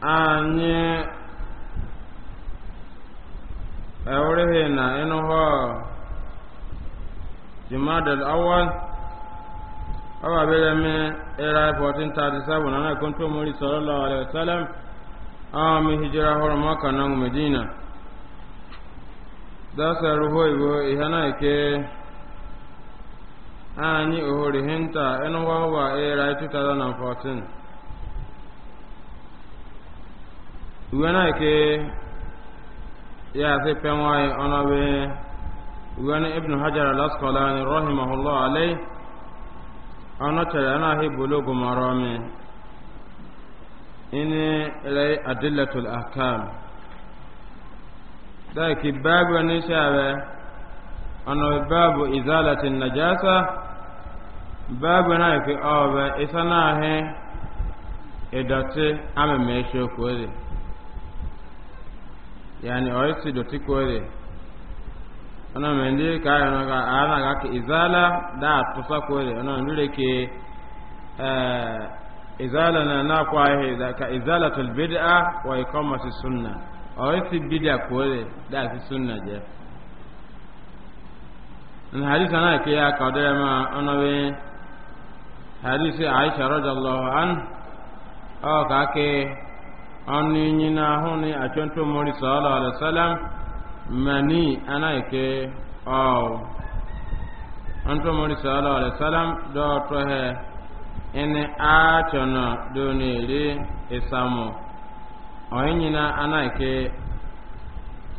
anyị ewurihi na ịnụhọ jimadal awa, awa bere mi era 1437 ana kwanto mori sallallahu alaihi wasallam awa mi hijira horo maka na medina dasa ruho igbo ihe na ike anyị ohori hinta ịnụhọ ọba era 2014 uwe na ike ya sị penwai ọnọbe uwe na ibn hajar al-asqalani rahimahullah alai ọnọ chere na ahị bulugu mara ọmị ini ilai adillatul ahkam da ki babu wani shawe ọnọbe babu izalatin najasa babu na ike ọbẹ isa na ahị idọtị amịmị eshi okwu yani oyisi do tikore ona mendi ka ona ka ana ka izala da tusa kore ona ndure ke eh izala na na kwa he da ka izalatul bid'a wa iqamatis sunna oyisi bid'a kore da si sunna je na hadisi ana ke ya ka dere ma ona we hadisi aisha radhiyallahu an o ka ke ani nyina huni achonto mori sallallahu alaihi wasallam mani anaike aw anto mori sallallahu alaihi wasallam do to he ene achona do nere isamu oyina anaike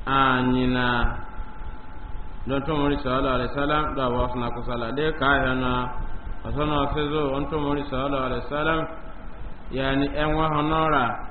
anyina donto mori sallallahu alaihi wasallam da wasna kusala de kayana asana sezo onto mori sallallahu alaihi wasallam yani enwa honora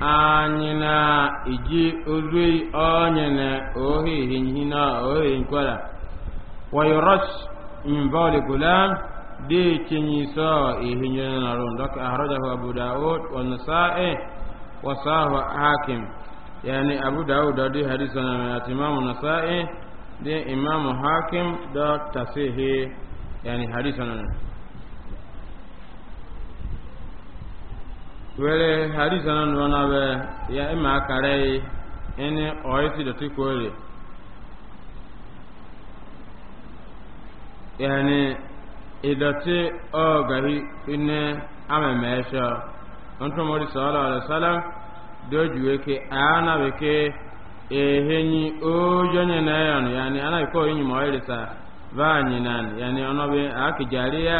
anyịna iji orui onyene ohihi hina ohihi nkwala wayorosh imbali gulam di cinyi so ihinyana na ron dok ahrajahu abu daud wa nasa'i wa sahu hakim yani abu daud di hadisana min atimamu nasa'i di imamu hakim da tasihi yani hadisana were hadisa na nụrụ na be ya ịma akara yi ịnị ọyịsị dọtị kwori yani idọtị ọgahi ine ameme esho ntụmọdụ sọlọ alesala doju eke ana beke ehenyi ojonye na eyon yani anabiko enyi ma ọyịrịsa vaanyi nan yani ọnọbi akijariya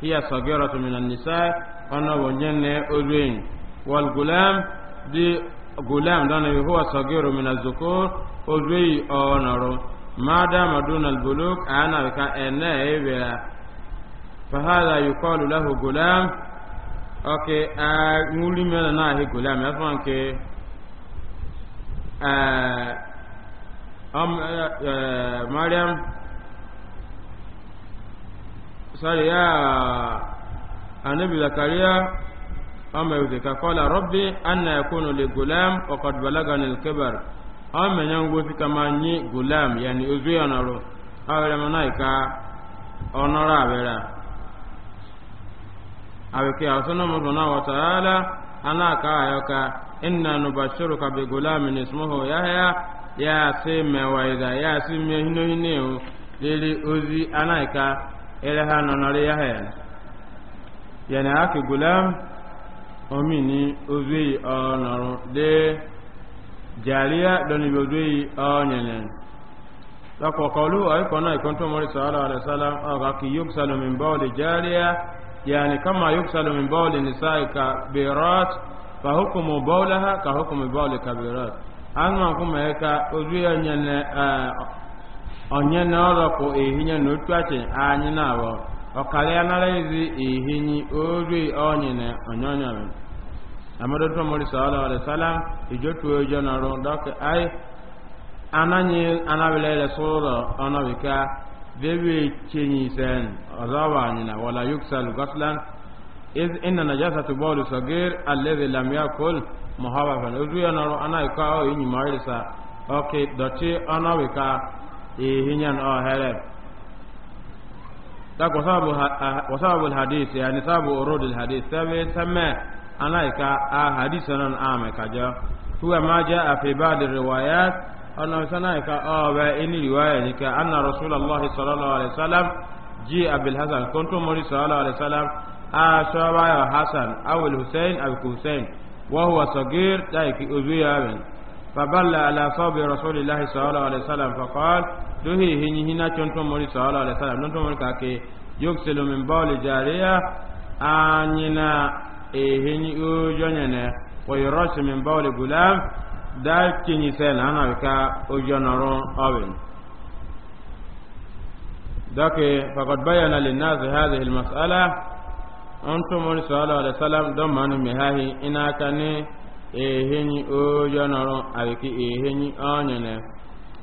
hiya sọgịrọtụ minan nisaa ana wonyenne olwen wal gulam di gulam dana huwa sagiru min az-zukur olwi onaro mada madun al-buluk ana ka ene ebe fa hada yuqalu lahu gulam okay a nguli mena na he gulam afan ke mariam sorry ya anabi zakariya ama yuzi ka kola rabbi anna yakunu gulam wa qad balagani al-kibar ama nyango gulam yani uzu yanaro awele manaika onora abera aweke asana mutuna wa ta'ala ana ka ayoka inna nubashiruka na gulamin ya si mewaida ya si mehinohineo lili uzi anaika ele yana ake gulam omini ozuyi ọnọrọ de jariya dọnibi ozuyi ọnyẹlẹ lọkọkọlu ọyikọ náà ikọ tó mọrí sọlá alẹsálà ọgá kì yóò sálọ mi bọ́ ọlẹ jariya yani kama yóò sálọ mi bọ́ ọlẹ nisa ika berat fa hukumu bọ́ọ̀lá ka hukumu bọ́ọ̀lẹ ka berat an ma kuma ya e ka ozuyi ọnyẹlẹ ọnyẹlẹ ọrọ èyí yẹn otu àti anyi ọ̀kàlẹ́ análáìsí èhì ní orí ọ̀nyìnà ọ̀nyọ́nyọ̀rọ̀ àmọ́dọ́tọ́ mọ́rí sọ́ọ́lọ́ ọ̀rẹ́ sálá ìjọ́tù ojú ọ̀nà rún dọ́kì ayé anáyí anábìlẹ̀ rẹ̀ sọ́ọ́rọ̀ ọ̀nà wíká bébè sẹ́n ọ̀zọ́wà ọ̀nyìnà wọ̀lá yóksàlù gọ́sìlán إذ إن نجاسة بول صغير lamia لم يأكل ojú ọ̀kì dọ̀tí ọ̀hẹ́rẹ́ ذاك وسبب وسبب الحديث يعني سبب ورود الحديث سبب سمع أنا إكا حديثنا آم كجا هو ما جاء في بعض الروايات أنا سنا إكا آه وإني رواية إكا أن رسول الله صلى الله عليه وسلم جاء بالحسن كنت مري صلى الله عليه وسلم أشابه حسن أو الحسين أو الحسين وهو صغير ذاك أبي فبلى على صوب رسول الله صلى الله عليه وسلم فقال do he he ni hina chonto mori sallallahu alaihi wasallam nonto mori kake yukselu min bawli jariya anyina e he ni ojo nyene wa yurashu min gulam da kinyi sena ana ka dake bayana hadhihi mori don manu ina kane ehenyi ojo noro awiki ehenyi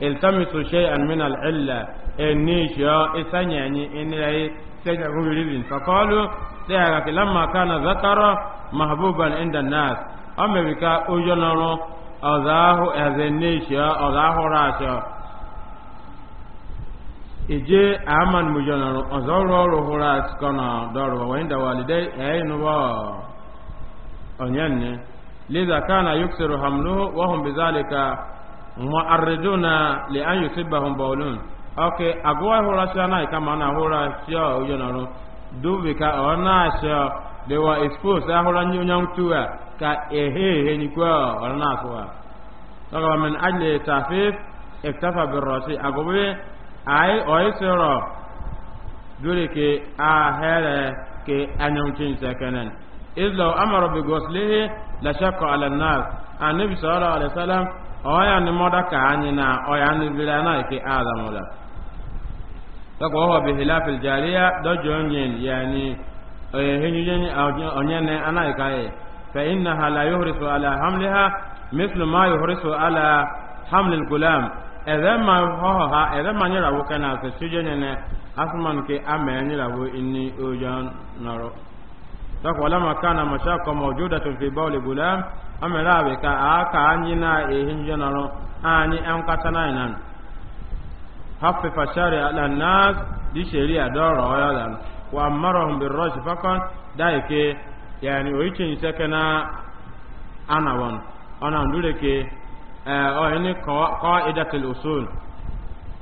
iltamisu shay'an min al'illa enisho isanyanyi inilai sanya hulirin faqalu daga lamma kana zakara mahbuban inda nas amerika ojonoro ije aman kana yuksiru mu'arriduna li an yusibahum bawlun oke agwa hora sana kama na hora sio uyo naro dubi ka ona sio they were exposed ahora nyonya tuwa ka ehehe ni kwa ona kwa daga min ajli tafif iktafa bir rasi agobe ai oisero dole ke a here ke anyamcin sakanan izlaw amara bi goslihi la shaqqa ala nas annabi sallallahu alaihi wasallam oya ni moda ka anyi na oya ni bila na ke ada moda to ko ho bi hilafil jariya do jonyen yani e hinyu jenyi onye ne ana ka e fa innaha la yuhrisu ala hamliha mithlu ma yuhrisu ala haml al gulam ma ho ha ma nyira wo kana se ne asman ke wo inni sako walama kana mashaka mawjudatun fi bawli gulam amela be ka aka anyina e hinjanaro ani an katana nan hafi fashari ala nas di sharia doro oyalan wa amarahum bir rajf fakan daike yani oichin sekena anawon ona ndure ke eh o ini qaidatul usul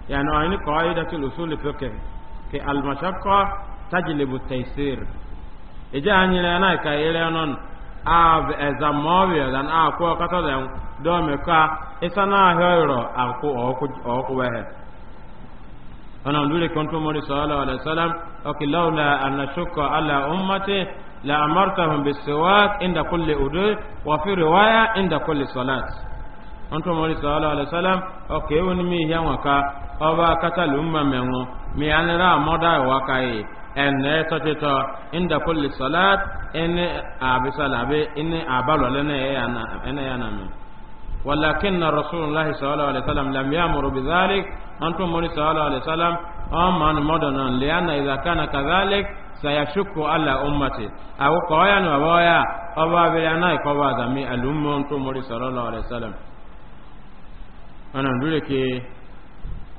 yani o ini qaidatul usul fiqh ke al mashaqqa tajlibu at-taysir eje anyere na ka ere non av eza mawia dan akwa kata dan do me ka isa na hero akwa oku oku wehe ana ndure kontu mori sallallahu alaihi wasallam ok laula an nashukka ala ummati la amartahum bisiwak inda kulli udu wa fi riwaya inda kulli salat onto mori sallallahu alaihi wasallam ok woni mi hiyan waka oba kata lumma menwo mi anira moda waka yi ene sotito inda kulli salat ene abisalabe ene abalole ne yana ene yana min ولكن رسول الله صلى الله عليه وسلم لم يأمر بذلك أنتم مولي صلى الله عليه وسلم أما مدنا لأن إذا كان كذلك سيشك على أمتي أو قويا وبويا أبا بلانا يقوى ذمي الأمة أنتم مولي صلى الله عليه وسلم أنا أقول لك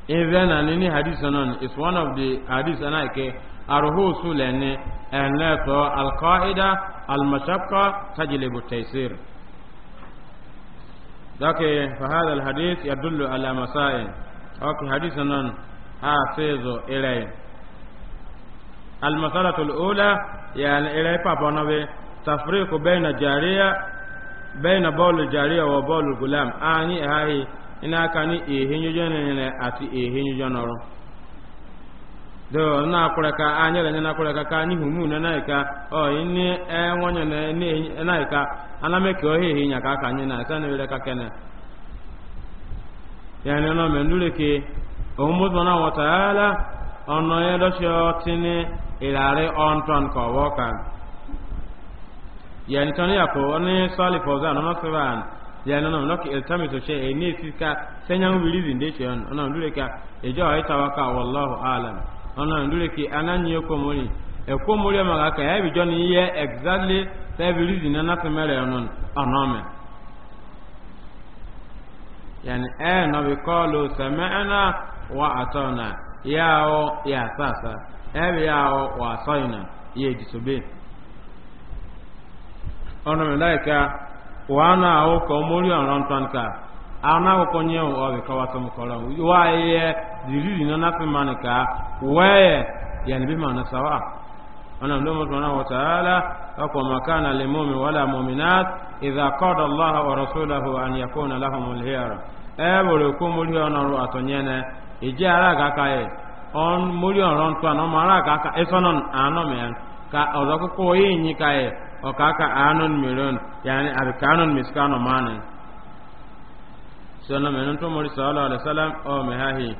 إذا أنا حديثنا is one of the hadith أنا كي أرهوس لأن أهناس القاعدة المشقة تجلب التيسير ذاك فهذا الحديث يدل على مسائل أوكي حديثنا حافظ إليه المسألة الأولى يعني إلي بابا تفريق بين الجارية بين بول الجارية وبول الغلام أني هاي إنها كان إيهين يجنين أتي إيهين يجنين do na akwara ka anya ranya na akwara ka ka humu na naika o ini na ni e, naika e, ana me ko he nya ka anyị na ka na wele ka kene ya ne no me ndure ke o mu na wata ono ye do sho tini ilare ko woka ya ni ton ya sali na ya ne no no ke e ni senya zinde che ono ka ejo waka wallahu ona ndure ki ananye ko muri e ko muri ma ga ka yabi joni ye exactly sabi reason na mere onon onome yani e no bi qalu sami'na wa atana yao ya sasa e yao wa saina ye disobe onome laika wa na o ko muri onon tanka ana ko nyewo o bi ka wa to mukoro wa ye ziriri na nafi mani ka ya yani bi na sawa ana mdomo subhanahu wa ta'ala kwa makana limumi wala mu'minat idha qada Allah wa rasuluhu an yakuna lahum al-hiyara ebolo ko muri ona ro atonyene ije ara ga kai e. on muri e, ona ntu ana ma ara ga ka esonon ano ka ka ka anon miron yani miskano sallallahu alaihi wasallam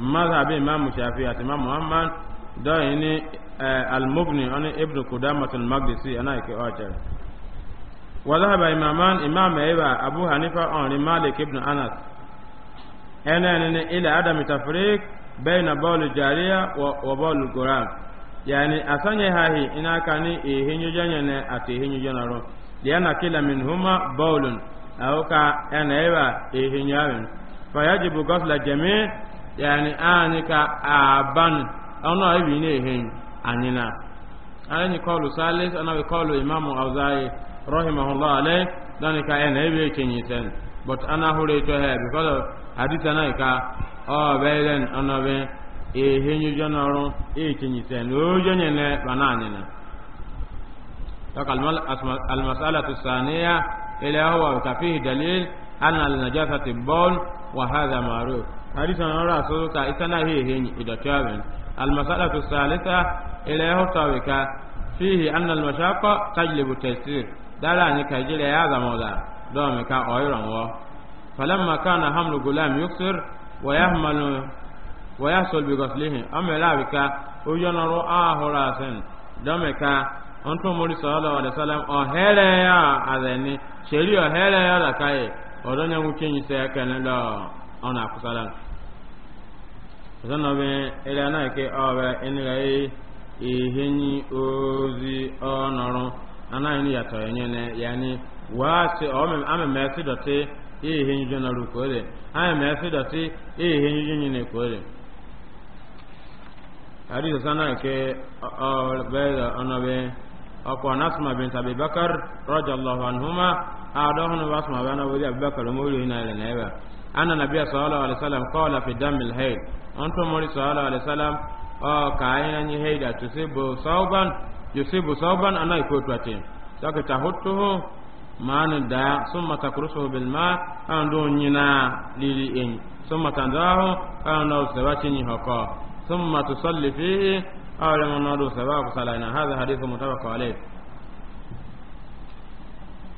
mazhabi Imamu shafi àti imam muhammad dọ́yìn ní eh, almugni ọni ibn kudamatul magdisi ana ike ọjẹrẹ wazahaba imaman imam ẹ̀yẹ́bà abu hanifa ọ̀rin malik ibn anas ẹnẹ́ni ní ilẹ̀ adam tafrik bẹ́ẹ̀ na bọ́ọ̀lù jariya wọ bọ́ọ̀lù goran yani asanye hahi ina ka ni ihinyujanya ne ati ihinyujana ro liana kila min huma bawlun au ka ena iwa ihinyamin fayajibu ghasla jami' yani anyị ka aban ọnụ ebi na-ehe anyị na anyị kọlu salis anaghị kọlu imam auzayi rahimahullah ale dani ka ena ebe ekenyi sen but ana hụrụ eto ha because hadith anaghị ka ọ belen ọnọbe ehe nyujo n'ọrụ ekenyi sen na bana hadisa na ra so ka isana he he ni ida tawen al masalatu salisa ila hotawika fihi anna al mashaqqa tajlibu taysir dala ni ka jira ya zama da do me ka oyron wo falamma kana hamlu gulam yuksir wa yahmalu wa yahsul bi ghaslihi amela bika o yonoro ahura sen do ka onto mori sallallahu alaihi wasallam o hele ya azeni sheri o hele ya da kai e, odonye wukenyi se ekene do ọ na-akwụsala ọzọ na ọbịa ele anaghị ke ọbịa ịnịrị ehenyi ozi ọnọrọ anaghị ni yàtọ̀ ẹ̀yẹ nẹ yàní wàá ti amẹ̀mẹ̀ ẹsẹ̀ dọ̀tí ehenyi jọ nọrọ kò rẹ̀ amẹ̀mẹ̀ ẹsẹ̀ dọ̀tí ehenyi jọ nyìnà kò rẹ̀ hadith sana ke ọbẹ̀ ọnọbẹ̀ ọkọ̀ anasuma bin tabi bakar rọjọ lọ́wọ́ anhuma adọ́hùn wasuma bẹ́ẹ̀ náà wọlé abubakar ọmọ orí yìí náà rẹ̀ náà أن النبي صلى الله عليه وسلم قال في دم الهيد أنتم مولي صلى الله عليه وسلم أو كائنا يعني هيدا تصيب صوبا يصيب صوبا أنا يكوتوتين ساكي تهوته مان دا ثم تكرسه بالماء أن دونينا للإن ثم تنزاه أن سباتيني هكا ثم تصلي فيه أو لمن نادو سباك صلينا هذا حديث متفق عليه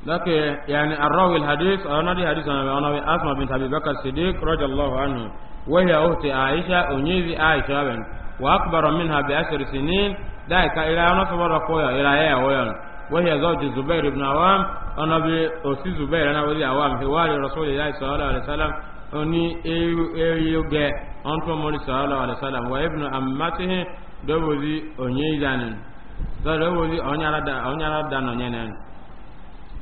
لك يعني الراوي الحديث أنا دي حديث أنا أنا أسمع بنت أبي بكر الصديق رضي الله عنه وهي أخت عائشة أنيزي عائشة بن وأكبر منها بعشر سنين ذلك إلى أن صبر قويا إلى هي وين وهي زوج الزبير بن عوام أنا بأسي زبير أنا ولي عوام حوار رسول الله صلى الله عليه وسلم أني إيو إيو جاء أنتم مولى صلى الله عليه وسلم وابن أمته دوزي أنيزان دوزي أنيارا دا أنيارا دا نينان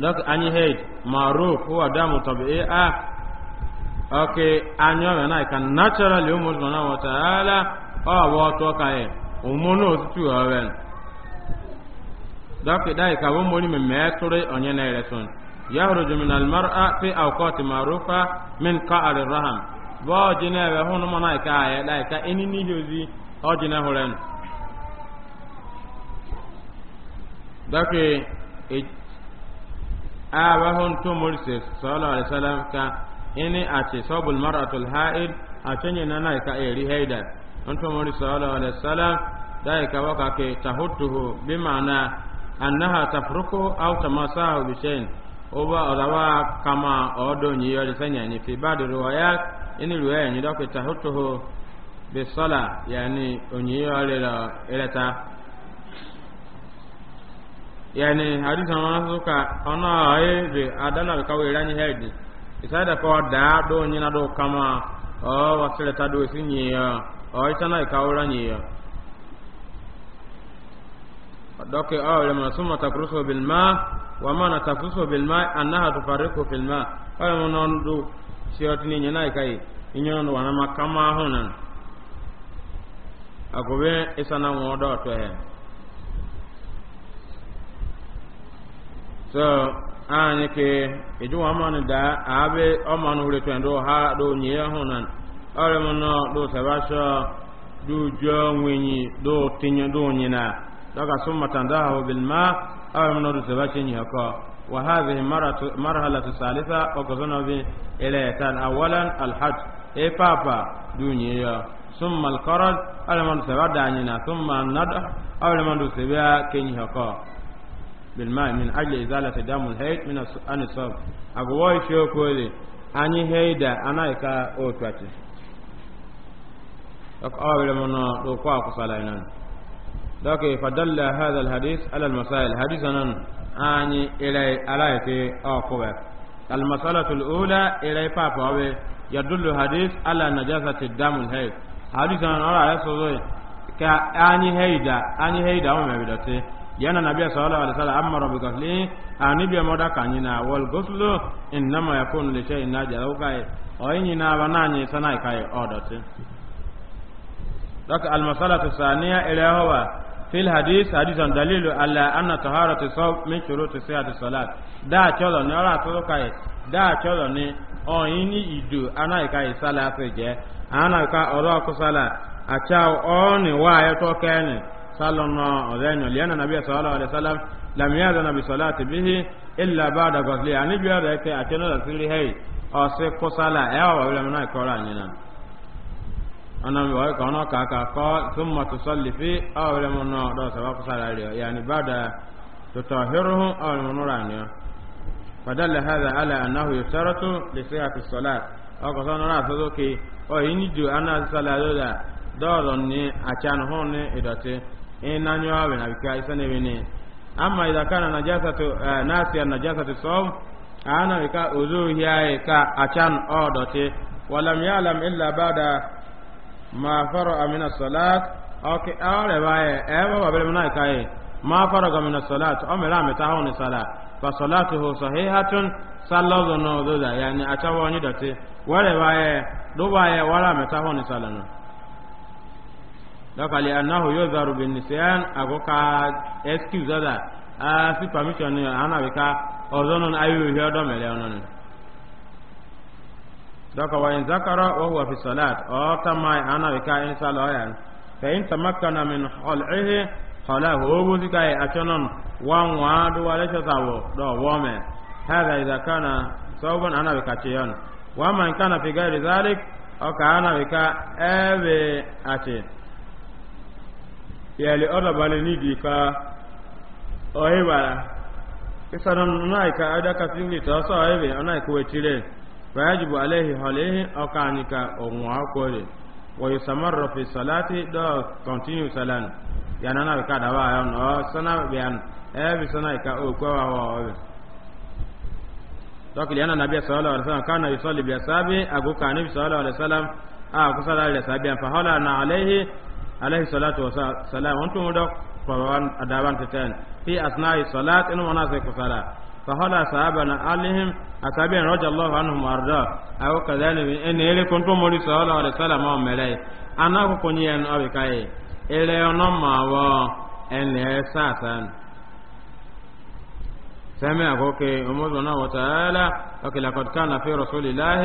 donc anyi heid maruf huwa damu tabi'a ah. okay anyo na kan naturally umu subhanahu wa ta'ala o wa to kai umu no tu awen donc dai ka wo moni me metre onye na eleson yahruju min fi awqati ma'rufa min jina hunu ya dai ka hozi o jina donc aba hon to morse sallallahu alaihi wasallam ka ini ati sabul mar'atul ha'id atenye nana ka eri haida on to morse sallallahu alaihi wasallam dai ka waka ke tahuttuhu bima'ana annaha tafruku aw tamasahu bi shay'in oba odawa kama odo nyi yori sanya ni fi badu riwayat ini riwaya ni dokita tahuttuhu bi sala yani onyi yori la ilata yani hadisa ma suka ona ayi adana be kawe rani hedi isada ko da do nyina do kama o wasile ta do sinyi ya o itana kawe rani ya doke aw lama summa takrusu bil ma wa ma na takrusu bil ma annaha tufarriqu fil ma ay monon do siotini nyina kai inyo wana makama honan agobe isana ngodo to he so anyị ke ijuwa mmanụ da abe amani wuri twendu ha do nye hụ na ọrịa mụ nọ do sabasho do jo nwenyi do tinye do nyina daga sun matanda ha bil ma ọrịa mụ nọ do sabasho nyi hako wa hadhihi marhala salisa wa kazana bi ilayatan awalan al hajj e papa duniya ثم القرض ألمان سبا دانينا ثم الندى ألمان سبا كيني هكا بالماء من أجل إزالة دم الهيد من عن الصوم أقوى شوكولي أني هيدا أنا إكا أوتواتي أقول من لقوا قصالينا لكن فدل هذا الحديث على المسائل حديثنا أني إلي ألايك أقوى المسألة الأولى إلي بابا يدل الحديث على نجاسة الدم الهيد حديثنا أرى يسوي كأني هيدا أني هيدا وما بدأتي yana nabiya sallallahu alaihi wasallam amara bi ghusli anibiya moda kanyina wal ghuslu innama yakunu li shay'in najawka oyini na bananye sanai kai odoti daka al masalatu thaniya ila huwa fil hadith hadithun dalilu ala anna taharatu sawm min shuruti sihhati salat da cholo ni ora to kai da cholo ni oyini idu anai kai salatu je anai ka ora ko sala acha oni wa ayo to kene صلى الله عليه وسلم لأن النبي صلى الله عليه وسلم لم يأذن بصلاة به إلا بعد غسله يعني بيا ذلك أتنا رسول هاي أو سيكو صلاة أو ولا منا يقرأ لنا أنا بقول كنا كاكا قال ثم تصلي في أو ولا منا دو سبب صلاة يعني بعد تطهره أو من رانيا فدل هذا على أنه يشترط لصحة الصلاة أو قصنا نرى أو ينجو أن الصلاة دورا ni acan hon ni idote ina nyoawe na bika isane bene amma idza kana najasatu eh, nasiya najasatu som. ana bika uzuhi ay ka achan odote walam ya'lam illa ba'da ma fara'a min salat okay awre baye ewa eh, babel mana kai ma fara'a min salat amra meta hawni salat fa salatuhu sahihatun sallallahu no doda yani achawo ni dote wale baye do wala meta hawni salano lọ́kà lè anáhùn yóò zọrọ̀ bẹ̀ ní sẹ́yàn àgọ́ka excuse ọ̀dà a sì permission ní uh, anábìká ọ̀zọ́ nù ayé òhì ọ̀dọ́ mẹ́lẹ́ ọ̀nà ni. lọ́kà wàyìn zakarọ̀ wọ́wọ́ fi sọ̀láàt ọ̀ọ́tà máa anábìká ń sálọ̀ ọ̀yà ni fẹ̀yìn tamakana min ọ̀lẹ́hẹ́ ọ̀lá òwò síkà yẹ àtúnọ̀ wọn wọn adúwà lẹ́sọ̀tàwọ̀ dọ̀wọ́ mẹ́ hẹ́rẹ́ ìzàkánà sọ́gbọ́n anábìká cheyọ́n wọ́n máa ń kánà fi gáyìí zálík ọkà anábìká ẹ̀ẹ́bẹ̀ àti yali ni nídìí ka ọ̀hìbàrà ìsàdọ̀nà náà ka adaka singlet ọsọ ọ̀hìbì ọ̀nà ìkúwẹ̀chirẹ̀ fàyàjìbò aléhì họlẹ́hì ọkà àníkà ọ̀wọ̀n akọ̀rẹ̀ wọ̀yí samarọ̀ fi salati dọ́ kọ̀ntínú salan yàna náà ka dàbà ayọ̀ nà ọ́ sọ́nà bìyàn ẹ̀ẹ́bì ya ìka òkú ọwọ́ ọ̀hìbì tọ́kìlì yàna nàbíyà sọ́ọ́lọ́ ọ̀lẹ́sàlám kánà ìsọ́lì bìyà sábì àgùkà a sọ́ọ́lọ́ ọ̀lẹ́sàlám àkúsọ́lá ilẹ̀ sábìyàn fàhọ́lá na aléhì alayhi salatu wa salam won tun do fawan adaban tatan fi asna'i salat in wana sai kusala fa hala sahabana alihim asabiyan radiyallahu anhum arda aw kadhalika in ele kuntu muri sallallahu alaihi wasallam wa melai ana ko kunyen abikai ele ono mawo en esasan سمع أبوك أمور الله تعالى وكي لقد كان في رسول الله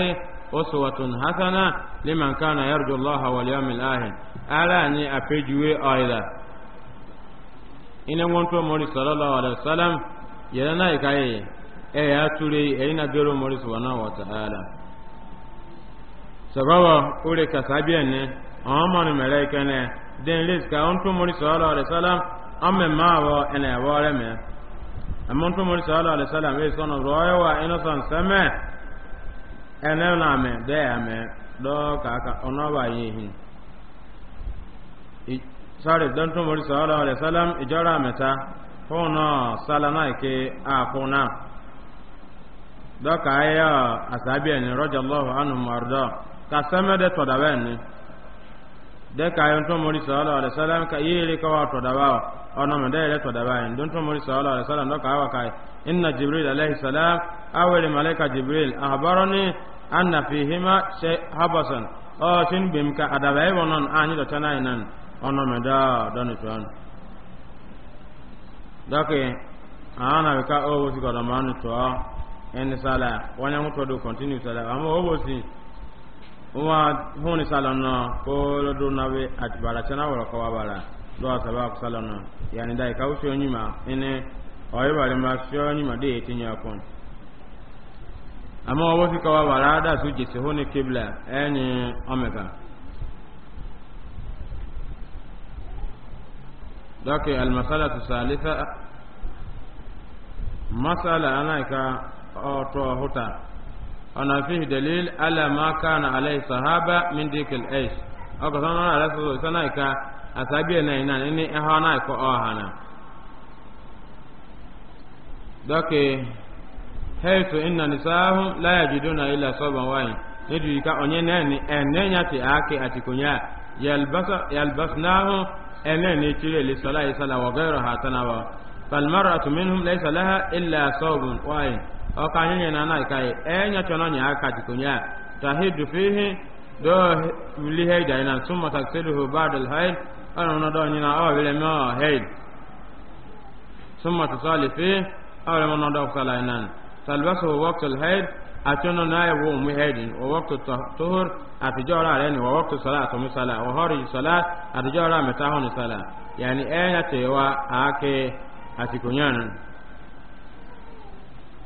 uswatun hasana liman kana yarju allaha wal yawmil akhir ala ni apejuwe aida ina wonto mori sallallahu alaihi wasallam yana nai ya e ture e ina gero mori subhanahu wa ta'ala sababa ure kasabiyan ne amma wa ina wore me amma onto mori sallallahu alaihi ẹnẹ na amẹ dẹ amẹ dọọ kaka ọnọba yehin sọrọ dọntun mori sọlọ ọlẹ sọlọm ìjọra amẹta fún náà sálá náà ike ààfún náà dọkà ayé ọ àsàbí ẹni rọjà lọhù ánú mọrọdọ ka sẹmẹdẹ tọdàbẹ ẹni dẹka ayé ntọ́ mori sọlọ ọlẹ sọlọm ka yéèrè kọwà tọdàbà ọ ọnọmọdé yẹrẹ tọdàbà ẹni dọntun mori sọlọ ọlẹ sọlọm dọkà awà káyé inna jibril alayhi salam awele malaika jibril ahabaroni. anna fihima shay habasan o shin bim ka adabai wonon anyi do tanai nan ono me da doni ton dake ana ka o wosi ko da man to en sala wanya mu to do continue sala amma o wosi wa honi sala no ko do na we atibara tana woro ko wabara do asaba ko sala no yani dai ka usi onyima ene o ibare ma shi onyima de etinya kon amma wa wafi kawa ba rada su ji su hune kibla yanyi omega doki almasala su salisa masala ana ka oto huta ana fi dalil ala ma kana alai sahaba min dikil ais aka san ana rasu sana ka asabiya na ina ni ehana ko ohana doki haitu inna nisahum la yajiduna illa sabban wahid nidiri ka onye nani enenya ti ake yalbasa yalbasnahu chire li salai sala wa ghayra hatana wa fal mar'atu minhum laysa laha illa o ka nyenye na na kai enya chono nya aka atikonya tahidu fihi do li haida ina summa taksiduhu ba'da al ana na do nyina o bile summa tusali fihi na do تلبسه وقت الهيد أتونا نايب ومي هيد ووقت الطهور أتجارة علينا ووقت صلاة ومي صلاة وهوري صلاة أتجارة متاهون صلاة يعني أين تيوا أكي أتكونيان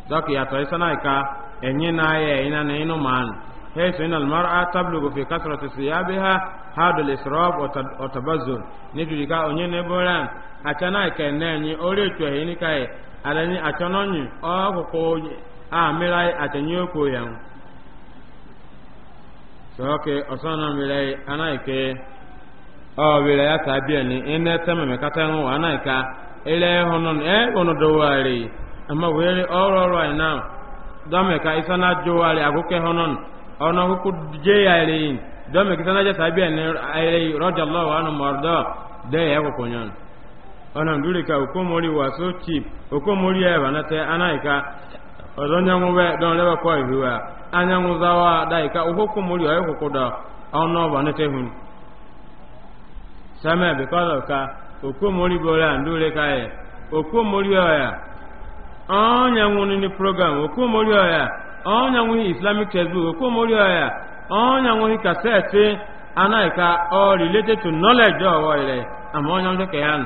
ذاك يا سنايكا أني نايا إنا نينو مان حيث إن المرأة تبلغ في كثرة ثيابها هذا الإسراف وتبذل نتوجيكا أني نبولان أتنايكا ناني أولي توهيني كاي alani atononyi ọkụkụ a mịrị atanye okwu ya sọọke ọsọnọ mịrị anaghịke ọ wịrị ya ka bịa ni ịna ete mmemme kata ịhụ anaghịka ama were ọrụ ọrụ na dọmịka ịsa na jọwarị agụkọ na ona ndure ka okomori waso chip okomori ya banate anaika ọzọnyanwụ be don lebe kwa ihuwa anyanwụ zawa daika okokomori oyo kokoda ono te hun same because of ka okomori bora ndure ka e okomori ya onyanwụ ni program okomori ya islamic textbook okomori ya onyanwụ cassette ka all related to knowledge ọwọ ire ama ya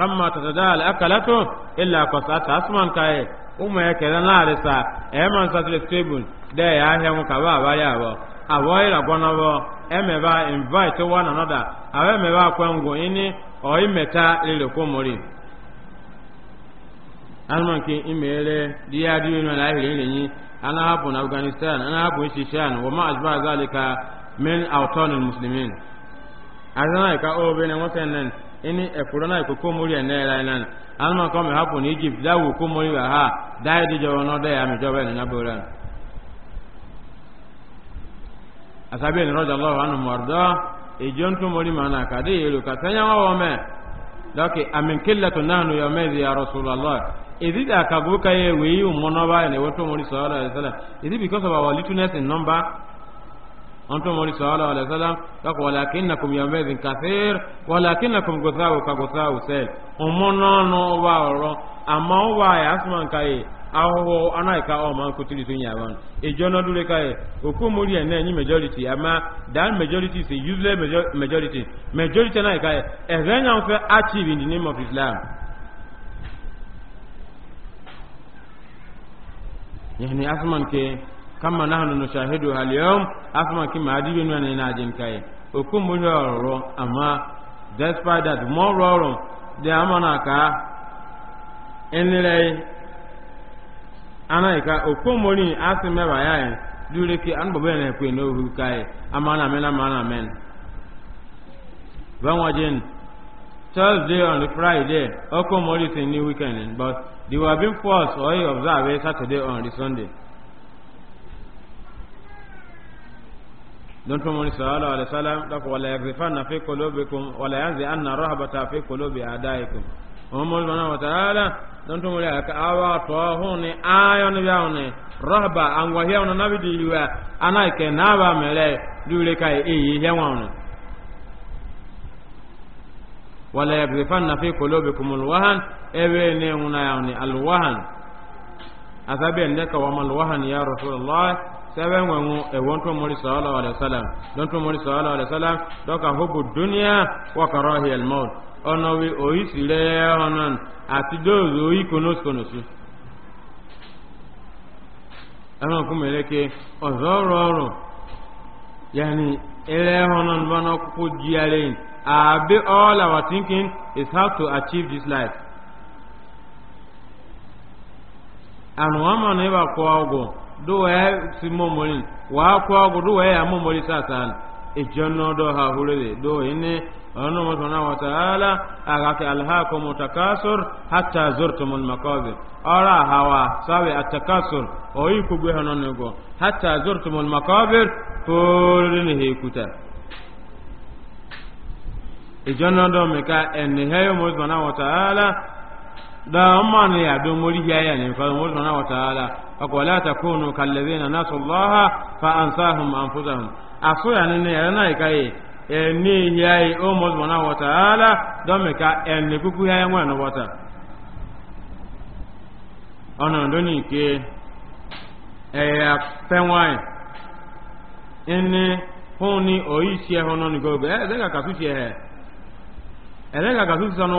amma ta da al'akalato illa kwasa ta asman kaye umma ya kere na arisa e man satellite table da ya ahia mu ka ba ba ya bo awo ira gona bo e me ba invite one another awe me ba kwango ini o imeta ile ko mori alman ki imele diya diwe na ahire ile yin ana hapo na afghanistan ana hapo shishan wa ma ajba zalika min awtan almuslimin azana ka o bene wasanan ini ekurona iko komori enera nan alma ko me hapo ni egypt dawo komori wa ha dai di jo no de ami jo be na bora asabe ni roja allah anu marda e jonto mori mana ka de yelo ka tanya wa me doki amin killatu nahnu yawmizi ya rasulullah idi da kabuka ye we yi mono ba ne woto mori sallallahu alaihi wasallam idi because of our littleness in number أنتم مولي صلى الله عليه وسلم تقول ولكنكم يومئذ كثير ولكنكم غثاء كغثاء سيل أمنا نوبا أورو أما هو يسمع كاي awo ana ka o man kutiri sun yawan e jona dule kai oku muri ene ni majority ama that majority is a useless majority majority na kai e renya fe achieve in the name of islam yani asman ke kama nahnu nushahidu alyawm afma kima adibe nwa ni najin kai oku mu yoro ama despite that more roro de amana ka enire ana ka oku mu ni asime ba dure ki an bobe na ku no hu kai amana amen amana men ban Thursday on Friday, Okomori is a weekend, but they were being forced or observed Saturday on the Sunday. don to moni sallallahu alaihi wasallam da ko wala yaghrifanna fi qulubikum wala yanzi anna rahabata fi qulubi adaikum umul bana wa ta'ala don to moni aka awa to huni ayon yaone rahaba an wa yaona nabidi liwa ana ke na ba mele dure kai e yi yawana wala yaghrifanna fi qulubikum alwahan ewe ne una yaone alwahan azabe ndeka wa malwahan ya rasulullah sɛbɛn ŋɔŋu ɛwɔn tó mori sɔɔlɔ wa lɛsɛlɛm lɔn tó mori sɔɔlɔ wa lɛsɛlɛm dɔka hobo duniya wa kɔrɔ hɛlmɔt ɔnɔwi oyi sire hɔnɔn ati dɔwɔzi oyi kono konos konosi. ɛnɔ kumere ke ɔzɔrɔrɔ yanni ɛrɛ hɔnɔn bɔnɔ koko diare abe all our thinking is how to achieve this life. and one man ever call go. do wee si momori waa kwa ọgwụ do wee ya momori satan ijanna do ha hurere do ine ọnụ mọtọ na wataala agaki alhaku mutakasur hatta zurtumul makabir ọra hawa sabe atakasur oyi kugbe ha nọ n'ego hatta zurtumul makabir fori ne hekuta ijanna do meka enne hayo mọtọ na wataala da amma ne ya do mori ya ya ne fa mọtọ na wataala ولا تكونوا كالذين نسوا الله فأنساهم أنفسهم أصويا نيرنا إكاي ni yayi o mọ̀lùmọ̀ná wọ̀ta ààlá dọ́mẹ̀ká ẹni kúkú yáyẹ wọn ẹ̀nà wọ́ta ọ̀nà lónìí ike ẹ̀yà fẹ́wọ́n ẹni fún ní òyí sí ẹ̀họ́n náà nìgbogbo ẹ̀ẹ́dẹ́gà ẹ̀ẹ́dẹ́gà kàtúnṣe sọ́nà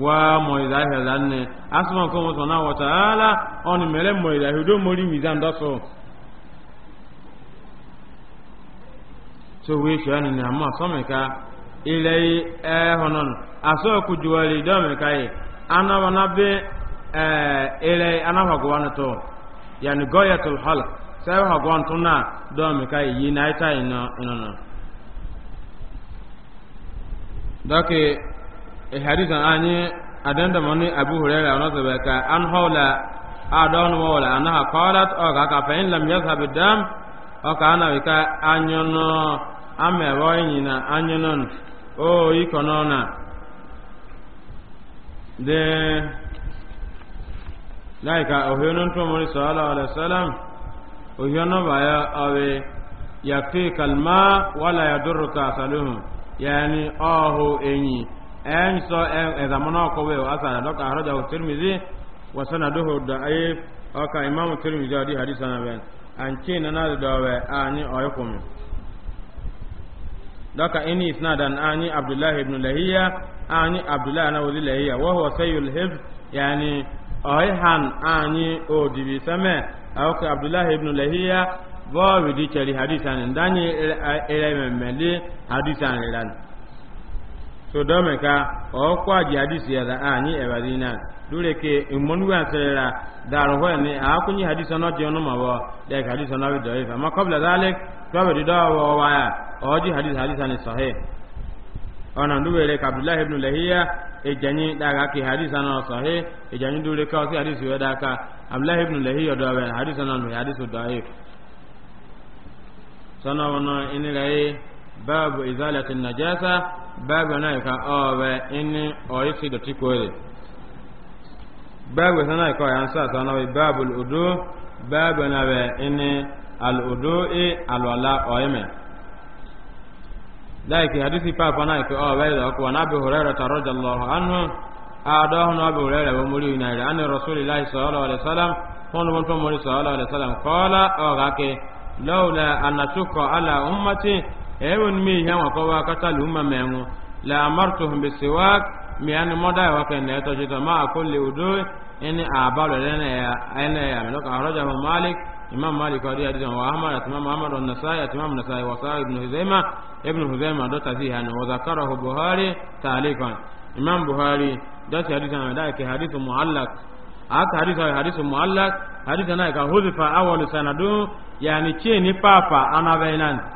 wa moizahe zanne asma ko mo sona wa taala on mele moizahe mori mizan so so na ma so me ka ilai e eh, honon aso ku juwali do me kai ana wana be eh, ilai ana ha hadisan anyi adanda mani abu hurairah wa nasaba ka an hawla adon wala anha qalat o oh, ka ka fain lam yazhab dam ọ oh, ka ana wika ka anyono ame na anyonon o oh, ikonona de laika ohyonon to mori sallallahu alaihi wasallam ohyono baya awe yafika alma wala yadurruka saluhu yani ahu enyi en so en eh, eh, zamana ko we asana doka haraja tirmizi wa sanaduhu da'if aka imam tirmizi adi hadisana ben an ce na na da dawe ani oyokum doka ini isnadan ani abdullah ibn lahiya ani abdullah na wali lahiya wa huwa sayyul hifz yani oyhan ani o dibi same aka abdullah ibn lahiya bo wi di chari hadisan dani ila eh, memeli hadisan ran so dome ka ah, o oh, kwa hadisi ya da anyi ah, ebarina dure ke imonu ah, wa sera daru ho ni a kunyi hadisi no je no mawo de ka hadisi no do ifa ma qabla zalik to be do waya, wa o ji ni sahih ona nduwere ka abdullah ibn lahiya ejanyi daga ke hadisi no sahih ejanyi dure ka o si hadisi wa da ka abdullah ibn lahiya do wa hadisi no hadisi do ifa sana wana iniraye babu izalati najasa babu na ka owe ini oisi do tikore babu sana ka yan sa sana we babu udu babu na we ini al udu e alwala oyeme like hadisi papa na ka owe do ko na bi hurairah radhiyallahu anhu ado na bi hurairah wa muri ina ila an rasulillahi sallallahu alaihi wasallam kono bon to muri sallallahu alaihi wasallam qala o ga ke laula an nashqa ala ummati ewon mi ya wa ko wa kata luma mengu la amartuhum bisiwak mi an moda wa ken ne to jita ma kulli udu in abalo lana ya ana ya mi lokka harajahu malik imam malik wa riyad wa ahmad imam ahmad wa nasai imam nasai wa sa'id ibn huzaima ibn huzaima do ta fi hanu wa zakarahu buhari ta'liqan imam buhari do ta hadithan da hadithu muallaq aka hadithu hadithu muallaq hadithan ka huzifa awwal sanadu yani ce ni papa ana bainan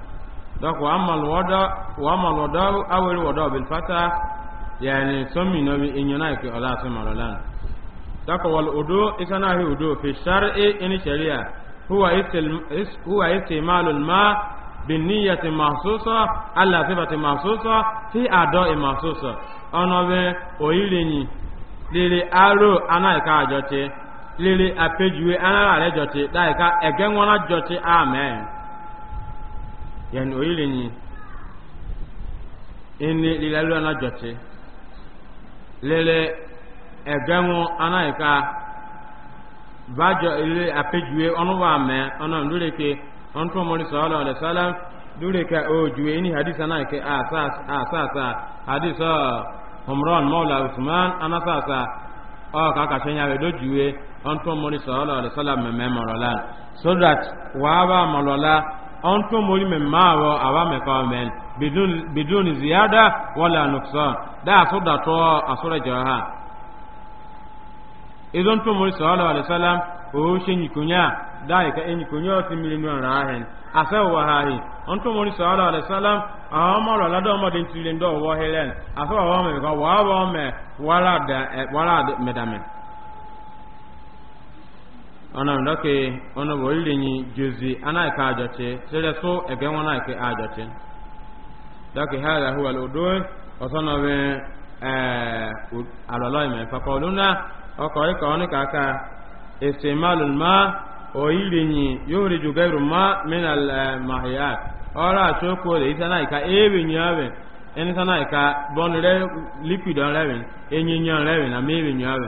donc wama lɔdɔw awere wɔdɔw bil fata yani somi no bi inyona ke ola se malolan donc wal udu ikana hi udu fi sharia huwa istil huwa ma bin niyyati ala sifati mahsusa fi ada'i mahsusa ono be oyirenyi lele aro ana ka aro ana ra re ka amen yani oyile nyi lila lilalu ana jɔte lele ɛgɛmu ana yi ka bajɔ ile apejue ɔnu wa mɛ ɔnu lule ke ɔntu mɔri sɔɔlɔ le sɔlɔ lule ke o jue ini hadisa ana yi ke a sa a sa sa hadisa mɔla usman ana sa sa do mɔri sɔɔlɔ le mɛmɛ mɔlɔla so that mɔlɔla. on to mori men awa me ko men bidun bidun da so da to asura jaha izon to mori sallallahu alaihi o shenyi kunya da ka enyi kunya ti miri no rahen asa wa hahi on to mori sallallahu alaihi wasallam amara la do ona ndoke ono wolini juzi ana ka ajache sele so ebe wona ke ajache doke hada huwa al-udu osono be eh alolo me fa quluna o ko e ko ni ka ka istimalul ma o ilini yori jugairu ma min al-mahiyat eh, ora so ko le isana ka ebi nyawe eni sana ka bonre liquid on reven enyinya reven na mebi nyawe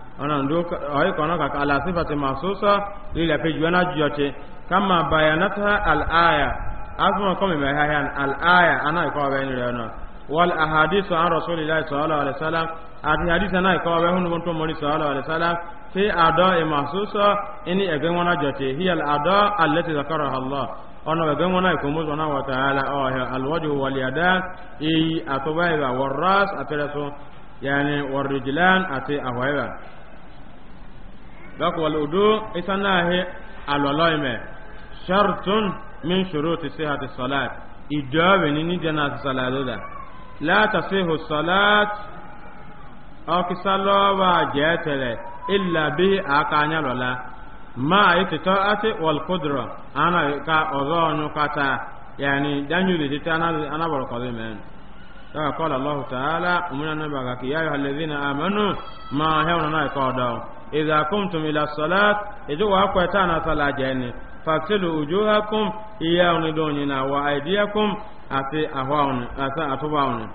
ana ndo ay kono ka ala sifati mahsusa lila pe juana juyote kama bayanata al aya asma kome me hayan al aya ana ko be ni reno wal ahadithu an rasulillahi sallallahu alaihi wasallam ati hadith ana ko be hunu monto mori sallallahu alaihi wasallam fi ada e mahsusa ini e gwana jote hiya al ada allati zakaraha allah ona be gwana ko mo zona wa taala o oh, al wajhu wal yadan e atobaiba war ras ateraso yani war rijlan ati ahwaiba دوك والودو إسناه على لايمة شرط من شروط صحة الصلاة إجابة نيني جنا الصلاة دا لا تصح الصلاة أو كسلا وجاتلة إلا به أكانيا ولا ما إتتاعت والقدرة أنا كأذان كتا يعني دنيلي تي أنا أنا بركض من قال الله تعالى ومن النبي يا أيها الذين آمنوا ما هونا نايقادوا idha kumtum ila salat idu wa kwata na sala jeni fasilu ujuhakum iya oni doni na wa aidiyakum ati ahwaun asa atubaun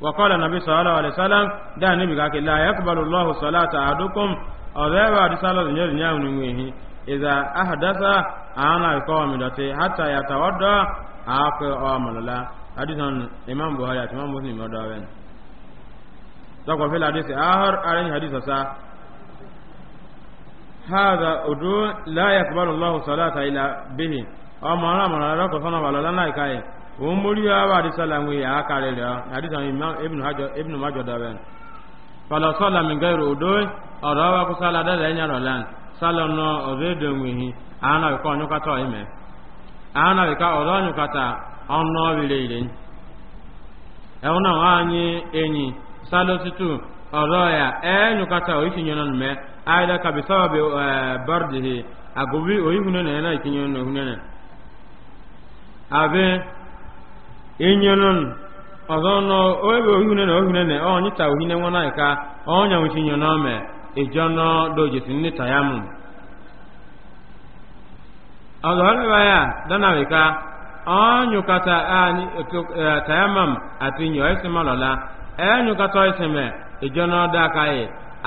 wa qala nabi sallallahu alaihi wasallam da ni bi kake la yaqbalu allah salata ahadukum adaba di salatu nyori nyawu ni wehi idha ahdatha ana qawmi dati hatta yatawadda aqwa amala hadithan imam buhari at imam muslim wadawen zakwa fil a ahụrụ aran hadisa sa hadha udu la yaqbalu Allah salata ila bihi amara amara ra ko fana wala lana kai o muri ya wa di salamu ya hadisa imam ibn ibn da ben fala sala min gairu udu sala da sala no ana ana wa enyi salotitu ọzọya enyukata oikinyona nume aida kabi sababi e, bardihi agobi oihunene ena ikinyona hunene abe inyonon ọzọ nọ ebe oihunene ohunene onyita ohine nwona ika onya wikinyona ome ijono dojesi nnita ya mu ọzọ rịba ya ka danawika onyukata e, tayamam ati nyo esi malọla enu katọ ìsìnmẹ ìjọna daka yìí e.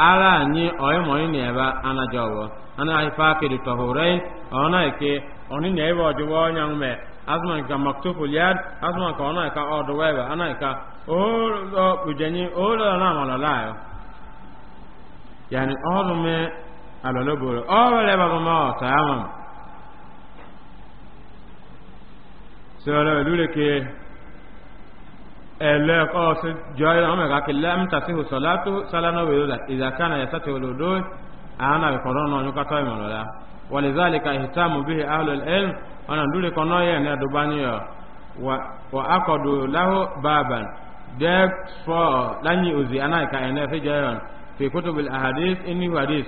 ara nyi ọ̀ẹ́mọ̀ọ́yìn ní ẹ̀bá anájọ́wọ́ ana ifa kiri tọ̀húrẹ́yìn ọ̀nà ìké e ọ̀ní ní ẹ̀bá ọ̀dùwọ́ ọ̀nyàn mẹ́ asuma nka maktufu liad asuma nka ọ̀nà ìka e ọ̀dùwọ́ ẹ̀bá ana ìka ọ̀ọ́ ìjẹ̀nyi ele ko se joye ame ka kila mta sihu salatu salano wela idha kana yasati uludu ana bi korono nyuka toy monola walizalika ihtamu bihi ahlul ilm ana ndule kono ye ne dubani yo wa wa aqadu lahu baban dek for lanyi uzi ana ka ene fe joye fi kutubil ahadith inni hadith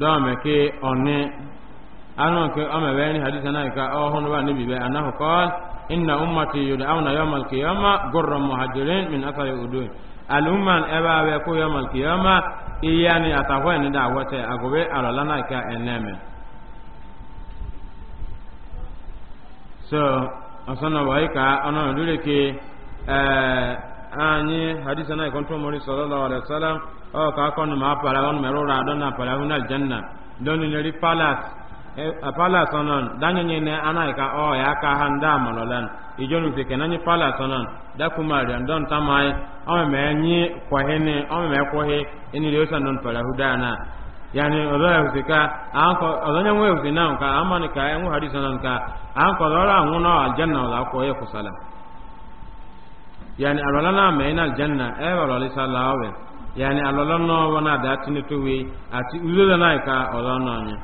dɔɔmɛ ke ɔne anu ke ɔmɛ bɛ ni hadisa na ka ɔhɔn ba nibi bɛ anahu kɔl inna ummati yudu awna yawmal qiyama gurra muhajirin min asari udun alumman ɛba bɛ ko yawmal qiyama iyani atahwɛ ni da wɔtɛ agobe alɔla na ka ɛnɛmɛ so ɔsɔnna wa yi ka ɔnɔ dule ke ɛɛ anyi hadisa na ikɔntɔn mori sallallahu alaihi wasallam o ka kon ma pala on mero ra don na pala hunal janna don ni ri palace a palace onon danya ka o ya ka handa malolan ijonu se ke nani palace onon da kuma ri don nyi ni don pala hudana yani ya husika anko odo nya nwe husina ka an ka aljanna kusala yani na na yani alọlọ nọọbọ na da tini ati uzola na ika ọlọ nọọnyẹ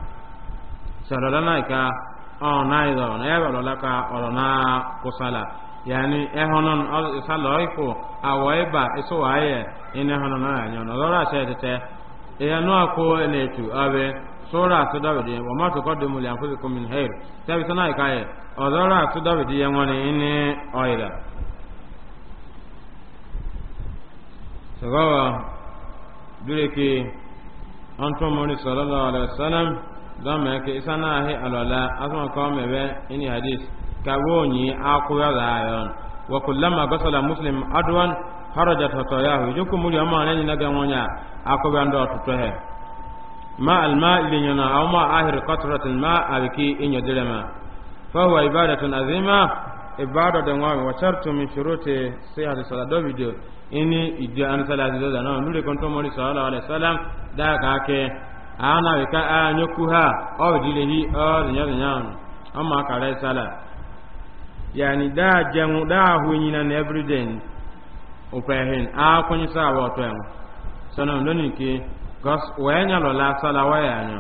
sọlọlọ na ka ọ na ịzọ na ya bọlọ ka na kụsala ya ẹhọnọn ọsala ọikụ awọ ịba ịsụ awa ịba ẹhọnọn na anyọ na ọlọrọ ahyẹ tẹtẹ ịya nọọ min ya dureke an tun muni sallallahu alaihi wasallam don mai ke isa na ahi alwala asma kawo mebe ini hadis ka wonyi akuya da ayon wa kullama gasala muslim adwan ya hatayahu juku muri amma ne ni naga wonya akuya ndo ma alma ilinyana aw ma ahir qatratil ma abiki inyadilema fa huwa ibadatun azima ibada da ngwawe wa chọrọ min shuruti sihhati salat do video ini ija an salat do da no nure kon da ka ke ana ka anyo kuha o dile hi o nya nya na every day o pe hin a ko ni sa wa to en so no ni ke gas wa nya lo la sala wa ya nya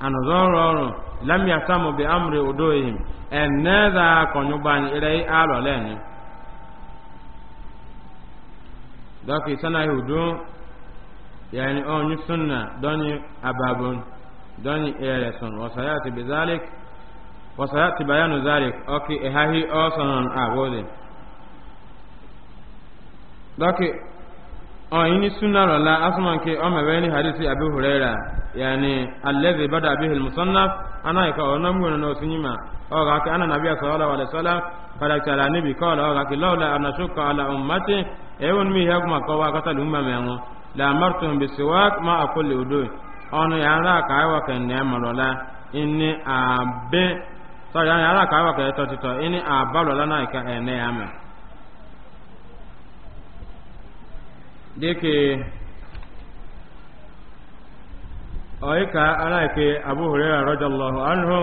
anu zo ro lam yahtamu bi amri udoihim eneza konyubani ilai alo leni doki sana hudu yani onyu sunna doni ababun doni ereson wasayati bizalik wasayati bayanu zalik oki ehahi osonon awode doki ọ̀yìn súnà rọ̀lá asọ́mọ̀ kí ọmọ ẹ̀wẹ́ ní hadisi abu huraira yani alẹ́zẹ̀ bada abihil musannaf ana ka ona mwana na osunyima oga ka ana nabia sallallahu alaihi wasallam kala kala nabi kala oga ki laula anashuka ala ummati ewon mi hagma ko wa kata lumma mengo la martum bisiwak ma akulli udu ono yara ka wa kan ne malola inni abe so yara ka wa ka to to inni abalola na ka ene ame deke oyi ka alaike abu hurairah radiyallahu anhu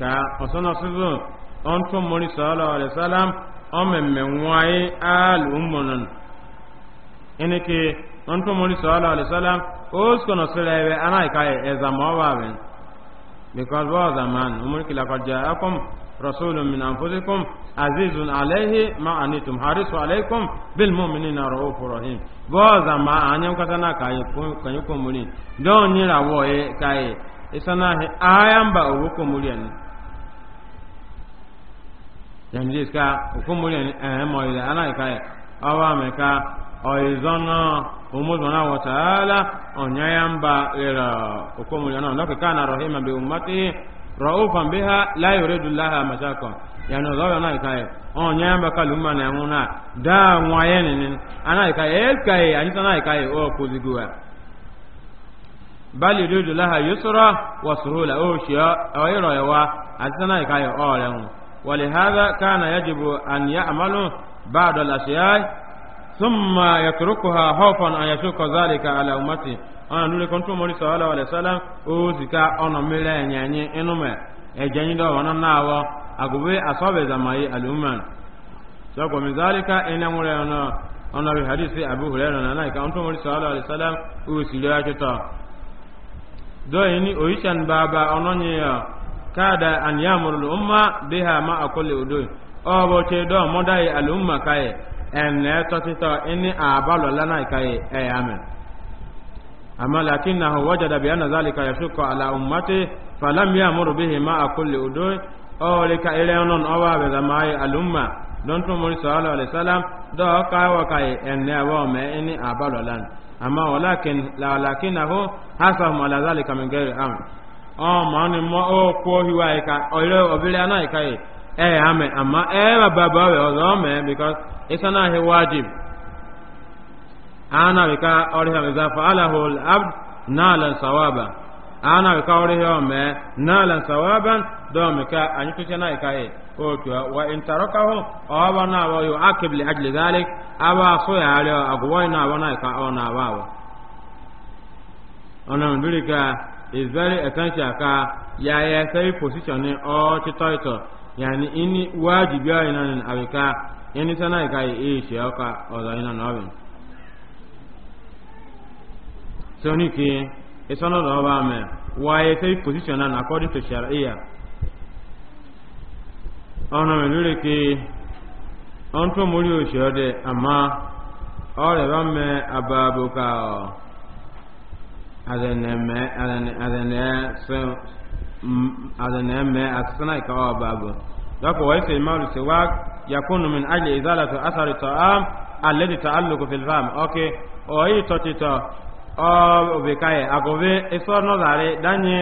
ka osono sizo ọ to mori sallallahu alaihi wasallam o memme nwai al ummun ene ke on to mori sallallahu alaihi wasallam o alaika abụ because wa zaman man kila qad ja'akum rasulun min anfusikum azizun alayhi ma anitum harisu alaykum bil mu'minina raufur rahim wa zama anyam katana kai kanyu komuni don ni rawo e kai isana he ayam ba owo komuri ani umuzona wa ta'ala onyayamba ila ukomu yana laki kana rahima bi ummati raufan biha la yuridu laha mashaqan yana zawa na kai onyayamba kaluma na nguna da ngwayenin ana kai el kai anita na kai o kuzigwa bal yuridu laha yusra wa suhula o shiya awira yawa anita na kai o len ولهذا كان يجب أن يعملوا بعض الأشياء thumma yatrukuha khawfan an yashuka dhalika ala ummati ana nule kontu mori sallallahu alaihi wasallam o zika ono mire nyanyi enume e janyi do wono nawo agube asobe zamai aluman so ko min zalika ina mure ono ono bi hadisi abu hurairah na nai kontu mori sallallahu alaihi wasallam o silo ya kito do ini oishan baba ononye ya kada an yamuru umma biha ma akulli udu obo che do modai alumma kai ẹnẹ tọtítọ ẹni àbálọ lánàá ìkàyè ẹ amẹ àmọ làkín náà wọjà dàbí ẹnà zálìkà yẹsùkọ àlàùmọtì fàlámì àmúrùbíhì má àkólè odò ọrìkà ilẹ ọnà ọwọ àbẹzà máa yẹ àlùmà lọńtò mórí sọọlọ àlẹsálàm dọọ káwọ kàyè ẹnẹ ẹwọ mẹ ẹni àbálọ lánàá àmọ wọlákin làkín náà hásàmù àlàzálìkà ọmọ ni mọ ó kó hiwa ìka ọ̀rẹ́ ee eh, amen ama ee baba bawe ọzọ mee because ịsa na ahị wajib ana bika ọrịa meza fa alahu abd nalan nsawaba ana bika ọrịa mee nalan nsawaba dọmi ka anyị tụcha na ịka otu wa intarọkahụ ọba na abọ yo akibli ajli zalik aba asụ ya arịọ agwụwọ na abọ na ịka ọ na abọ abọ ọnụ ka is very essential ka ya ya sey position ọ chịtọ yani ini wajibi ya ina nan abika yani sana ka yi e shi aka ozo ina na obin so ni ki isono do ba me wa ye te position na according to sharia ona me lure ki on to mori o shi ode ama ore ba me ababuka o adene me adene adene so adana a asana ka ọ babu dako wa maori maru ya kunu min ajli izalatu athari ta'am alladhi ta'alluqu fil fam okay o yi o be kai agove eso no dare danye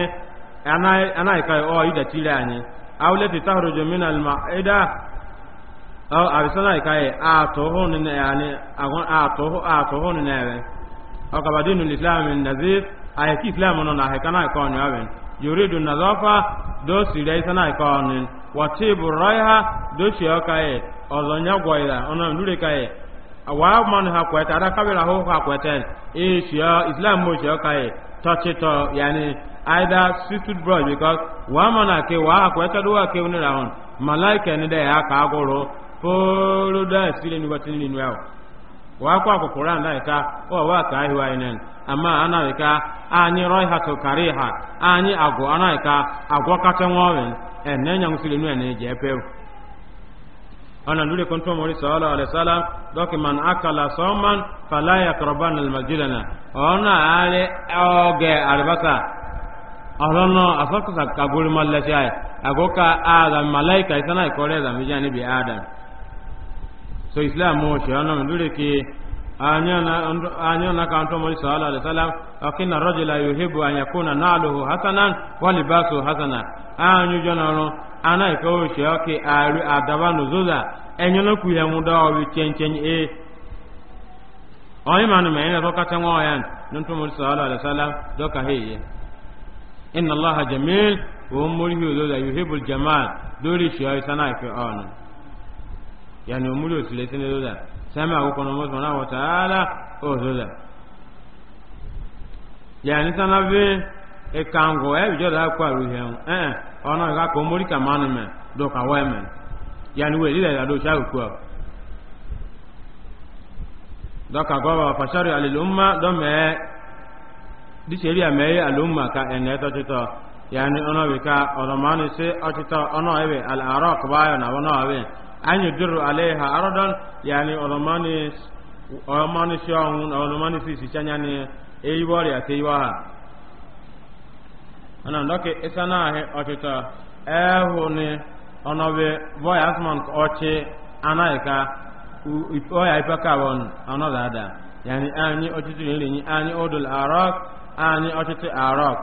o yi da tire anyi awlati tahruju min al ma'ida a to hon ne a to a to ne islam a islam na yuridu nazafa do sire sana ikonin wa tibu raiha do shi okaye ozonya gwaira ona ndure kaye wa man ha kweta ada kabira ho ha kweta e islam mo shi okaye touch ya yani either suited broad because wa man ke wa kweta do ke unira hon malaika ni da ya ka agoro polo da sire ni batini ni wakwa ko Quran da ka o wa ka hi wa inen amma ana ka anyi roiha to kariha anyi ago ana ka agwo ka te nwowen enne nya musili nu ene je pe ana dule kon to mori sallallahu alaihi wasallam dok man akala sawman fala yaqraban al masjidana ona ale oge albaka alonno asaka ka gulmal la jay ago ka ala malaika isana ikore da mijani bi adam so islam mo ṣe ọ̀nà lórí ke anyana kan tó mọ́lí sọ́ọ́lá alẹ́sálá ọkínà rọ́jìlá yòóhébù àyàkúnà náàlùhù hasanan wọ́lìbáṣù hasanan anyujọ nọrọ ana ìkọ́ òṣè ọkẹ́ ààrẹ àdàbà nùzọ́zà ẹ̀yọ́nàkù yẹn mú dọ́ọ̀rù chẹ́ńchẹ́ń e ọ̀yìn mànú mẹ́rin ẹ̀rọ kátẹ́ wọ́n ọ̀yàn ní tó mọ́lí sọ́ọ́lá inna allaha jamil yuhibul jamal dori shi sana yani ni otilesene osile sama akokono mo subhanahu wa ta'ala ozola yani sana ve e kango e bijo da kwa ruhe eh ona ga ko mori ka manu me do ka wa me yani we lila do sha ku do ka go fashari alil umma do me di sheri a me umma ka ene to to yani ka ona manu se o to ebe al araq ba na ona an yudiru alaiha aradan yani olomani olomani shawun olomani sisi chanyani eiwori ati iwaha ana ndoke isana ahe otita ehu ni onobe boy asman ochi anaika oya ipaka won anoda ada yani anyi ochitu ni anyi odul arak anyi ochitu arak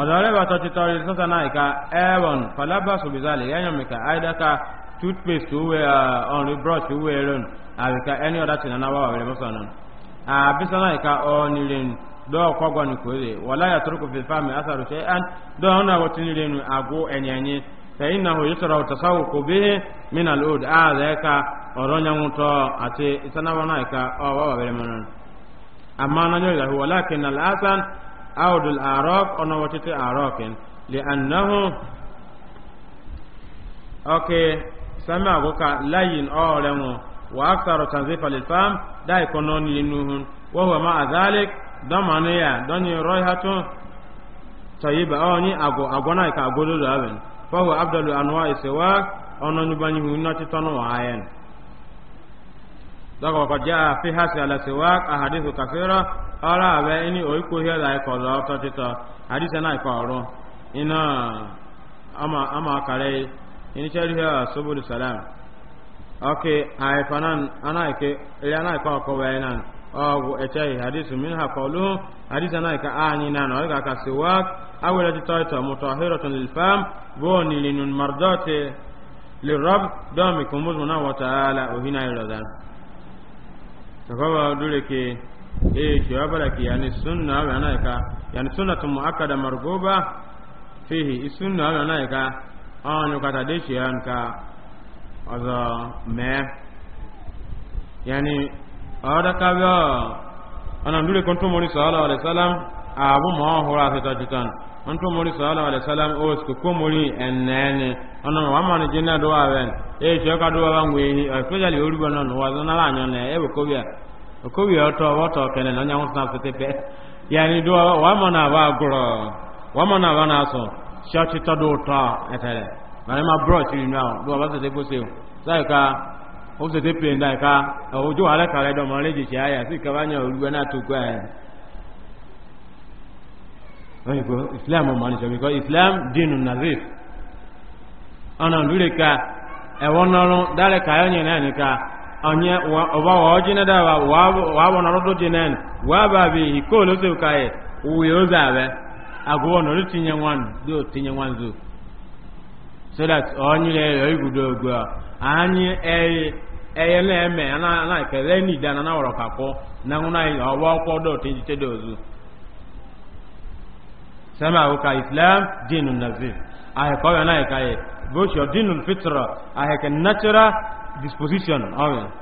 ọ̀dọ̀ ọ̀rẹ́ ọchịchị ti tọrọ ìsọ́sọ́ náà ìka ẹ̀wọ̀n falábàṣù bizalè yẹ́yàn mẹ́ka àìdáka toothpaste uh, on the brush uwe ron ka any other thing na wa wele musanan abisana ka onirin do kwagwa ni kwere wala ya turku fi fami asaru shay'an do na wotin renu agu enyenye fa innahu yusra tasawuqu bihi min al-ud azaka oronya muto ati isana wana ka o wa wele munan amma na nyo lahu walakin al-asan awdul araq ona wotite araqin li'annahu okay sami agoka layin ọrẹ wọn wa aksaro tanzi falifam da ikono ni nuhun wahuwa ma a zalik don mani ya don yi roi hatun tayi ba ọni ago agona ika agodo da abin fahu abdullu anwa isewa ọnà nyubani hun na titọnu wa ayan daga wakọ jẹ fi hasi alasiwa a hadithu kafira ọrọ abẹ ini oiko hela ikọ lọ ọtọ titọ hadisa na ikọ ọrọ ina ama akare ini chari ha subul salam okay ay fanan ana ke ile ana ka ko bayana awu echai hadithu minha qawlu hadith ana ka ani nan wa ka ka siwak la titaita mutahiratun lil fam boni linun mardati lirab dami kumuzu na wa ta'ala hina ila iladan sababu dole ke e eh kiwabara ki yani sunna ana ka yani sunnatun muakkada marghuba fihi sunna ana ka ọnụ kata dechi ya nka ọzọ mee yani ọdakabịa ọna ndure ko ntomori sallallahu alaihi wasallam abu ma ọhụrụ asịta jitan ntomori sallallahu alaihi wasallam o siku komori ennene ọna wa ma ni jinna do awen e je ka do wa ngwe ni especially orugo na no wa na la anyo e we ko to to kene na nyawo yani do wa ma na ba wa ma na ba na so shati ta do ta etere na ma bro ti ni na do ba se ko se sai ka o se te pe ndai ka o jo ala ka le do mo le ji aya si ka ba to ko eh oyi ko islam mo ni so because islam dinun nazif ana lure ka e wonorun dare ka yo nya na ni ka onye ọba wa ọjị na daba wa agụọ nọrọ tinye nwanụ do tinye nwanzu so that onye na-eyo igudo ogu anyị eyi eye na-eme na-ekele n'ide na na wọrọ na nwụna anyị ọwa ọkwọ do tinjite dozu sema ụka islam dinu nazir ya na-ekaghị bush your dinu fitra ahịkọ natural disposition ọrịa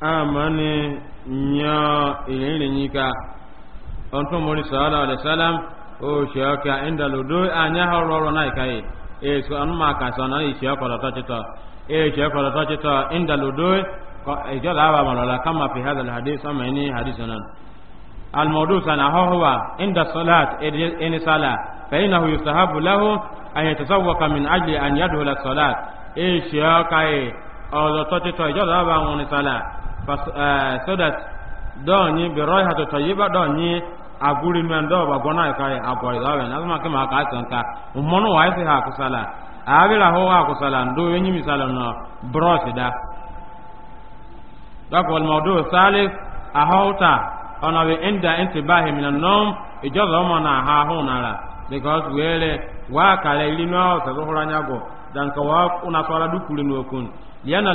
amani nya ilele nyika onto mori salam o shaka inda ludo anya hororo na ikai e so an ma ka sana i shaka e shaka e inda ludo ko e jala ba kama fi hadha alhadith ama ini hadithana الموضوع سنة هو عند الصلاة إن صلاة فإنه يستحب له أن Eh, so that dɔɔni bɛrɛɛ hato tɔyiba dɔɔni aguri mɛn dɔw ba gɔnɔ yi e ka yi agɔri dɔwɛ n'a ma kɛ maa k'a sɛn ka o mɔnɔ wa ayise ha kusala a bɛ la ho ha kusala do ye nyi misali nɔ bɔrɔsi da dɔw walima o do saali a hɔw ta ɔnɔ bi inda inti baahi mina nɔm ijɔzɔ ma na ha ho na la because wele waa kale ili nɔ sɛsɛ hɔrɔnya go dan ka waa una sɔra dukuli n'o kun yɛn na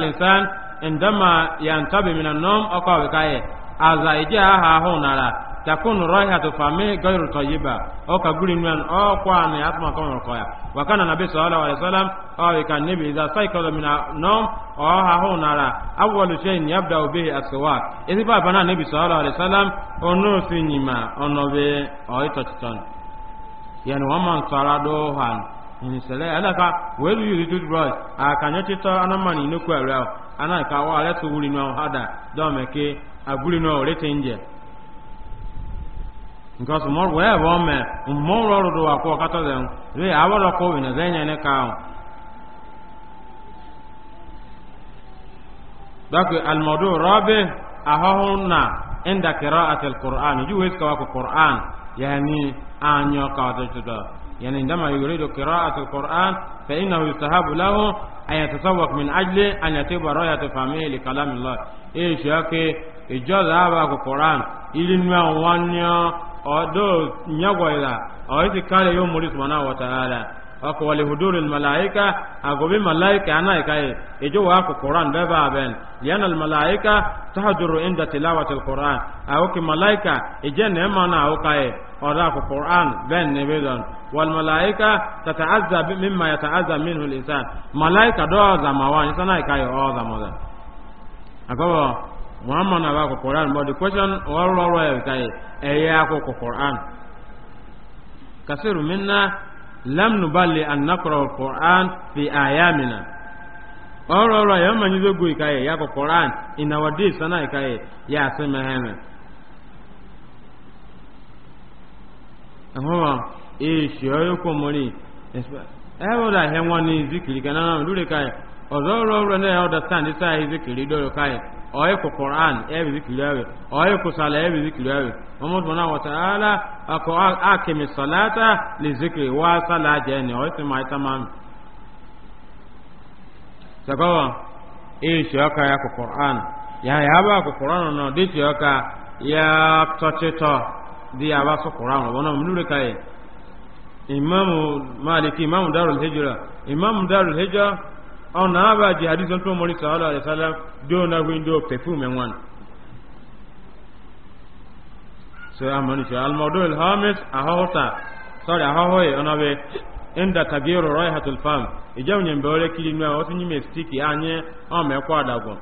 indama yantabi min an-nawm kaye aza ije aha ho nara takunu raihatu fami gairu tayyiba o ka guri nwan o kwa ne atma kon ya wa kana nabi sallallahu alaihi wasallam o nabi min o ha nara awwalu shay'in yabda bihi ba bana nabi sallallahu alaihi wasallam ono be o ito chiton yani waman sarado han ni sele alaka welu yudu brush akanya chito anamani ana ka wa ala to wuri no hada do me ke aguri no re tenje nka so mor wa ba me mo ro ro wa ko den re awolo ko we na ne ka dako al mawdu rabi ahahunna inda qira'ati qur'an ju wes ka ko qur'an yani anyo ka to to yani ndama yuridu qira'ati qur'an fa innahu yustahabu lahu أن يتسوق من أجل أن يتيب رؤية فهمه لكلام الله إيه شاكي إجاز هذا القرآن إلي نوان وانيا أدو نيغويلا أو إذا قال يوم مريس منا وتعالى oko wali hudurul malaika agobi malaika ana ikaye ijo wa ko qur'an be ba ben yana al malaika tahduru inda tilawati al qur'an awoki malaika ije ne mana awokaye ora ko qur'an ben ne be don wal malaika tata'azza mimma yata'azza minhu al malaika do za mawani sana ikaye o za mo agobo muhammad na ba ko qur'an but the question all all ikaye eye ko qur'an kasiru minna lam nubali an nakra alquran fi ayamina ọrọ ọrọ ya ọmọ nyizo gu ikaye ya kọ quran in our days sana ikaye ya ase meheme ẹhọwa ee ṣe ọyọkọ mọri ẹwọ e e da hẹwọn ni zikiri kan náà lórí ikaye ọzọrọ ọrụ na ọdastan dịsa ahụ zikiri dọrọ kaị ọyị kụ koran ebe zikiri awe ọyị kụ sala ebe zikiri awe ọmọdụ na wata ala akọ akemi salata le zikiri wa sala jẹ ni ọyị sị ma ịta ma mi sakawa eyi ọka ya kụ koran ya ya ba akụ koran nọ dịtị ọka ya tọchịtọ dị ya abasụ sụ koran ọ bụ na mmiri kaị imamu maliki imamu darul hijra imamu darul hijra on na ba ji hadithon to mori sallallahu alaihi wasallam do na window perfume wan so amani sha al mawdu al sorry ahota sorry ahohoye ona be inda tagiru raihatul fam ijaw nyen bore kili nwa otu nyi me stick anye o me kwa dago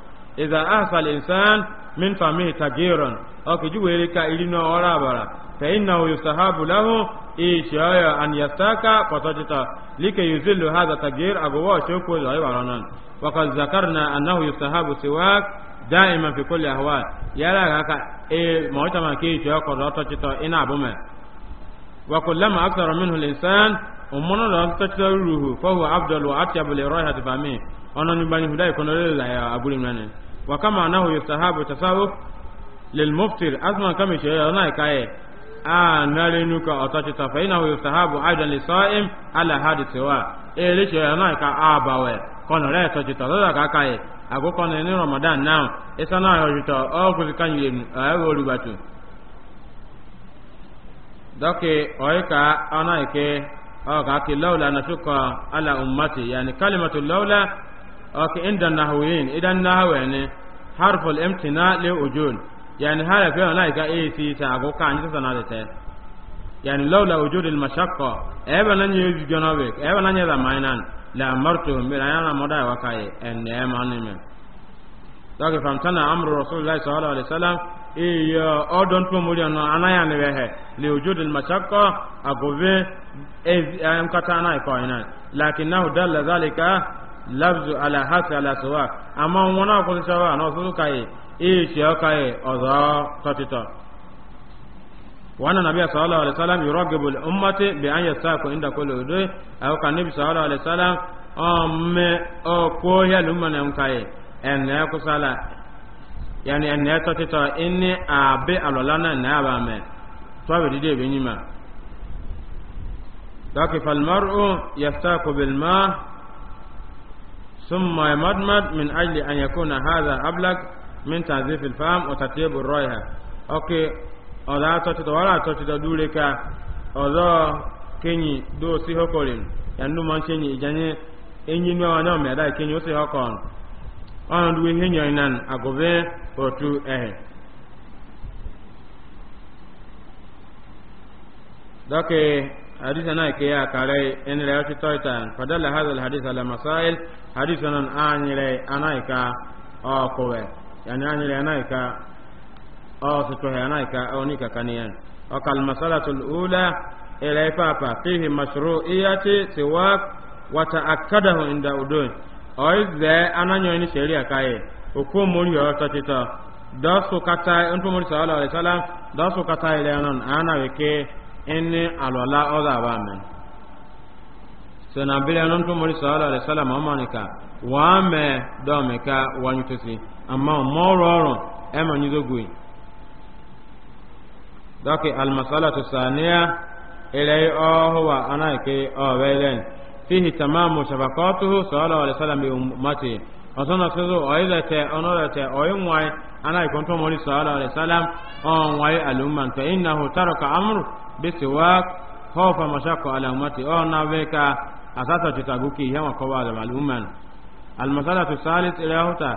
iza ahsal insan min famihi tagirun o ji were ka iri nwa ora bara fa innahu yustahabu lahu ishaya an yastaka fatata لكي يزل هذا التقدير أقوى شوكو زيبارنا وقد ذكرنا أنه يستحب سواك دائما في كل أهوال يلا هكا إيه موتا ما كي شوكو روتا شتو إنا بوما وكلما أكثر منه الإنسان ومن روتا شتو فهو أفضل وأطيب لرائحة فامي أنا نبني هداي كنا لله يا أبو المنن وكما أنه يستحب تساوك للمفتر أزمان كم يشير أنا كاي a nare nuka ọtọchịta fa ịna wụrụ sahabu aidan le im ala ha hadi tiwa ere chere ya naị ka a bawe kọnọ rẹ tọchịta lọdọ ka aka yi agụkọ na n'i ramadan now ịsa na ọ ọgwụzi ka nyere ewe oribatu dọkị ọyịka ọ naị ke ọ ka ke laula na shuka ala ummati yani kalimatu laula ọ ka na inda nahuyin idan nahawe ne harful imtina le ujul yani hali fɛn na ika e si ta ko ka anyi sana de te yani laula wujud al mashaqqa e ba nan ye ju be e ba nan ye mainan la amartu mi la yana moda wa kai en ne ma ni me to ke fam tana amru rasulullah sallallahu alaihi wasallam e yo o to muri no anaya ne be he li wujud al mashaqqa e am na ko ina dalla zalika lafzu ala hasa sawa wona ko sawa no su kai ichi akaye ọzọ tọtitọ wannan nabi sallallahu alaihi wasallam yuragibu al-ummati bi an yasaku inda kulli udu aw kan nabi sallallahu alaihi wasallam amme o ko ya lumana kai en ne ku sala yani en ne totito inni abi alolana na ba me to be dide be nyima daki fal mar'u yasaku bil ma thumma yamadmad min ajli an yakuna hadha ablak min tanzif alfam wa tatyib arraiha okay oda to ti do dure ka odo kenyi si hokolin ya man kenyi ijanye enyi ni wa na me o si hokon ona duwe henyo nan otu eh dake حديثنا كيا كاري إن رأيت تويتان فدل هذا الحديث على yani ani le anaika aw sito he anaika aw ni kakaniyan O kal masalatu ula ila papa fihi mashru'iyati siwak wa ta'akkadahu inda udun aw ze ananyo ni sheria kaye oku mori yo tatita da su kata ntu mori sallallahu alaihi wasallam da su kata ile anan ana weke inni alwala oda ba men sena bile non to mori sallallahu alaihi wasallam amanika wa me do me ka wa nyutosi amma moro ọrụ e ma nyizo gui dake al masalatu saniya ilai o huwa anaike o welen fihi tamamu shafaqatuhu sallallahu alaihi wasallam bi ummati asana sezo mori alumman fa innahu taraka amru bisiwak na asasa tutaguki yawa kowa da al'umman almasala tu salis ila huta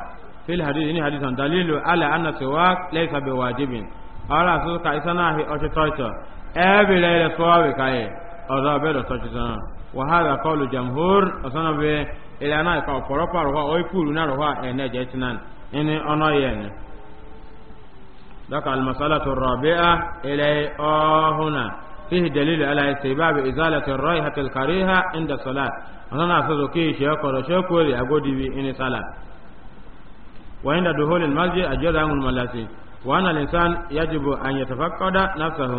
fil hadith ni hadithan dalilu ala anna siwak laysa biwajibin ara su ka isana hi oche toito ebe lele suwawe kaye ọzọ bẹrẹ tọchi sana wa hada qawlu jamhur asana be ila na ka poropa roha oy puru na roha ene je tinan ini ono yen daka almasalatu rabi'a ila ahuna فيه دليل على استحباب إزالة الرائحة الكريهة عند الصلاة أنا أصدقائي شكر شكر أقودي بإن صلاة وعند دخول المسجد أجد أن الملاسي وأن الإنسان يجب أن يتفقد نفسه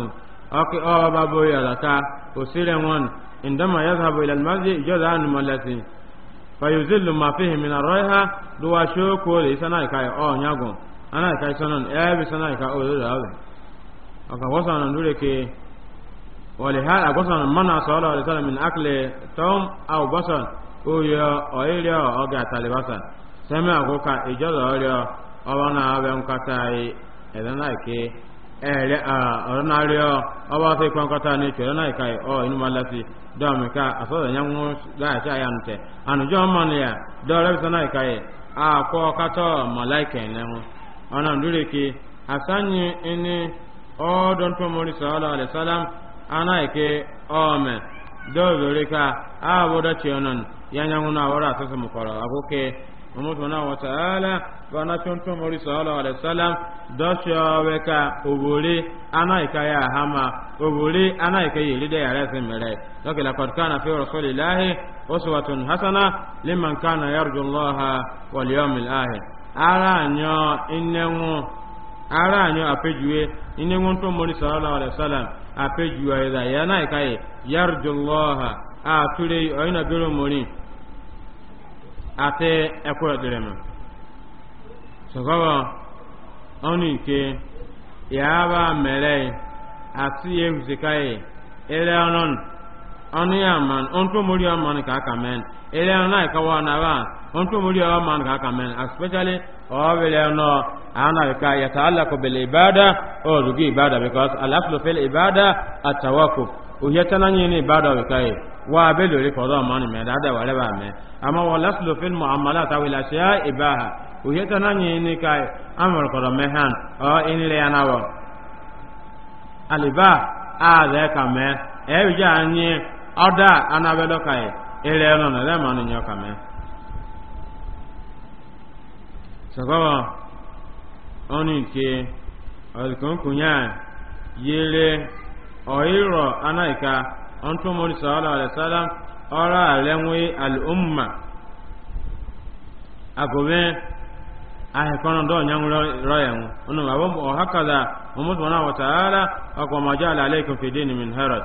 أوكي أو بابو يلكا وسيلمون عندما يذهب إلى المسجد أجد عن الملاسي فيزل ما فيه من الرائحة دوا شكر إسانايكا أو نياغون أنا كايسانون أبي سانايكا أو ذلك أوكي وصلنا نقول ولهذا غصن من صلى الله عليه وسلم من أكل توم أو بصل أو يا أو جاتالي بصل سمع غوكا أو أنا أبيم كتاي إذا نايكي ọba tó ikọ̀ nkọta ní ìtò ẹ̀rọ̀nà ìka ọ̀ inú malasi dọ́ọ̀mìká àsọ̀rọ̀ yẹn ń láàṣẹ àyàntẹ̀ ànùjọ́ mọ́nìyà dọ́ọ̀rẹ́ bí ike ome dozorika abuda chenon yanyanguna wara sasa mukoro aguke umutu na wa ta'ala ba na tuntu muri sallallahu alaihi wasallam dosho weka ana anaika ya hama ana anaika yiri da ya mere doke la qad kana fi rasulillahi uswatun hasana liman kana yarju allaha wal yawmil akhir ara nyo inenwu ara nyo apejuwe inenwu tuntu muri sallallahu alaihi wasallam apejuwa ida yana ikai yarjullaha a ture oyina biro mori ate ekura direma sokoba oni ke yaba mere ati ehuzikai ele onon oni aman onto mori aman ka kamen ele onai kawa na ba onto muri awa man ka kamen especially o wele no ana ka yataallaqu bil ibada o rugi ibada because al aslu fil ibada at tawakkuf o yata na ni ibada we kai wa be lo ri ko do man me da da wale ba me ama wal aslu fil muamalat aw al asya ibaha o yata na ni ni kai amar ko do me han o in le ana wo al a da ka me e bi ja ni oda ana be lo kai ele no na le man ni yo ka me shagaba oni nke alkonkunya yere ọ̀hírọ̀ anáìka ọ̀ntúnmọ́rí sọ́ọ́lá àlẹ́sálá ọ̀rọ̀ àlẹ́wé al'umma agobe ahìkọ́nà dọ̀ nyánwúrọ̀ rọ̀yẹ̀wò ọ̀nà àwọn ọ̀hákàdà ọmọdún wọn àwọn tààrà ọkọ̀ mọ̀jọ́ àlàlẹ́ min herod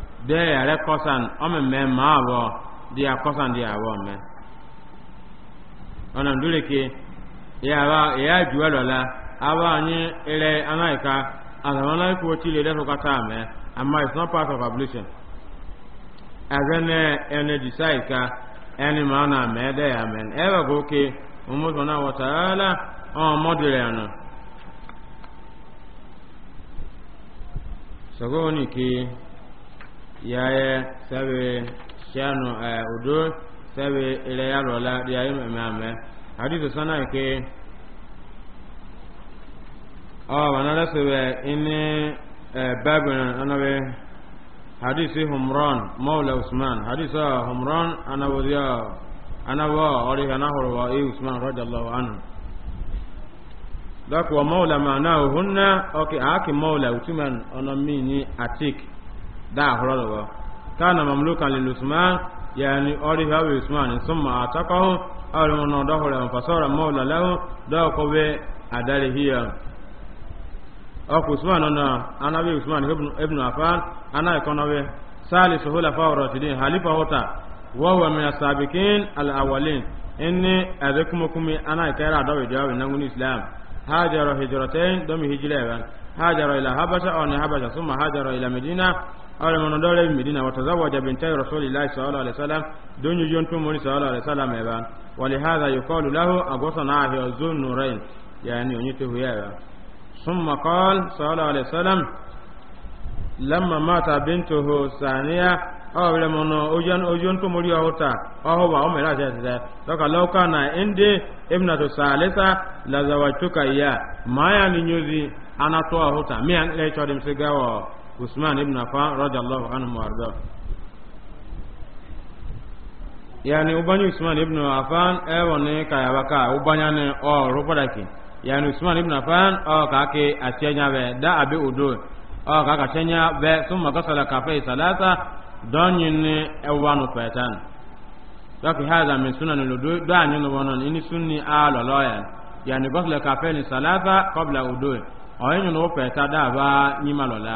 de yɛrɛ kɔsan ɔmɛ mɛ maa bɔ de a kɔsan de a bɔ mɛ ɔnà dole ke yaba yaya juwa dɔ la aba anyi ɛrɛ ana yi ka azama na ko ti le dɛfɛ ka taa mɛ ama it's not part of ablution ɛfɛ nɛ ɛnɛ disa yi ka ɛni maa na mɛ de ya mɛ ɛbɛ ko ke ɔmɔ sɔnna wɔta ɛlɛ ɔn mɔdi rɛ yɛn sɔgɔ ni ke. yaye sabe shano odo eh, sabe ile ya rola ya yi mame hadithu sana ke o oh, wana la sabe ini eh, babin anabe hadisi humran maula usman hadisi oh, humran anabu ya anabu ori ana horwa e usman radiyallahu anhu dak wa maula ma'nahu hunna okay aaki maula utuman mi ni atik da horo da ba kana mamlukan lil usman yani ori ha bi usman summa ataqahu aw man dahura fa sara mawla lahu da ko be adare hiya aku usman na anabi usman ibn ibn afan ana ikonawe sali suhula fa ratidin halifa hota wa huwa min asabiqin al awwalin inni azakumukumi ana kaira da jawabi nan islam hajara hijratain dami hijleban hajara ila habasha aw habasha thumma hajara ila madina ala mono dole medina watazawaja bintai rasulillahi sallallahu alaihi wasallam dunyu jontu mori sallallahu alaihi wasallam eba hadha yuqalu lahu agosa na hi azunurain yani onyite huyawa thumma قال sallallahu alaihi wasallam lamma mata bintuhu saniya ثانية awabere mono ojan ojon to mori ahota aho ba omera jazza doka lawka na inde ibnatu salisa la zawatuka ya maya ni nyuzi anatoa hota mi an le chodim sigawo usman ibn affan radiyallahu anhu warda yani ubani usman ibn affan ewo ne kaya baka ubanya ne o rupadaki yani usman ibn affan o kake atenya be da abi udo o kaka tenya be summa kasala kafe salasa donyin ne ewanu petan lọ́kì hàdà mi súnà ní lòdó dáàní ní wọn náà ní súnni àlọ́lọ́yà yàní gọ́sìlẹ̀ kàfẹ́ ní sàlátà kọ́bìlà òdò ọ̀yìn ní ó pẹ̀ta dáàbá ní màlọ́lá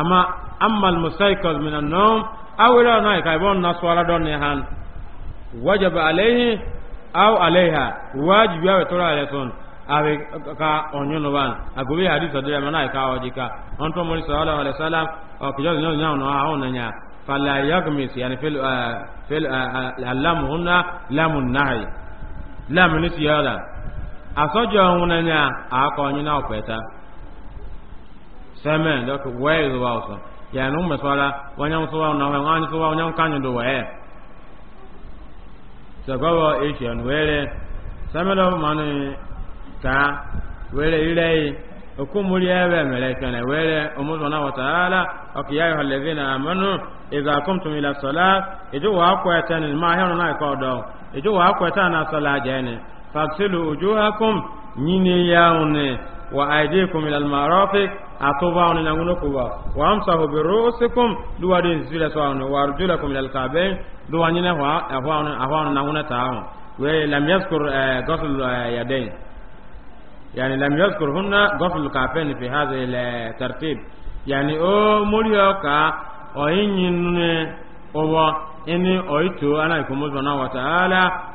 amma ammal musaikos min annawm awira na ka ibon na swala don ne han wajaba alayhi aw alayha wajibi awe tora ale son awe ka onyo no ban agobi hadith de mana ka wajika on to muri sallallahu alaihi wasallam o kijo no nya no ha on nya fala yagmis yani fil eh, fil eh, alam hunna lamun nahi lamun siyala asojo on nya na opeta sɛmɛ dɔk wɛɛ do baa sɔn yɛn no mɛ sɔla onye so wa nɔfɛ wɔn so wa wɔnyɛ kanyi do wɛɛ sɛgbɛbɔ esiɛn wɛrɛ sɛmɛ dɔ ma ni kaa wɛrɛ irɛ yi okumuli ɛbɛ mɛlɛ kɛnɛ wɛrɛ omusɔnna wa taala ɔkè yɛ ayɔ lɛvi na amanu ìgbà kɔmtum ilà sɔla ìdí ɛtɛ ni dɔn ni ojú atoba on na kuba wa amsahu bi ru'usikum duwa de zira so on wa arjulakum ila al-ka'bayn duwa nyina wa ahwa on ahwa on we lam yazkur ghusl yadain yani lam yazkur hunna ghusl al-ka'bayn fi hadha al-tartib yani o muriyo ka o yinyinne owa ini oito ana ikomo na wa ta'ala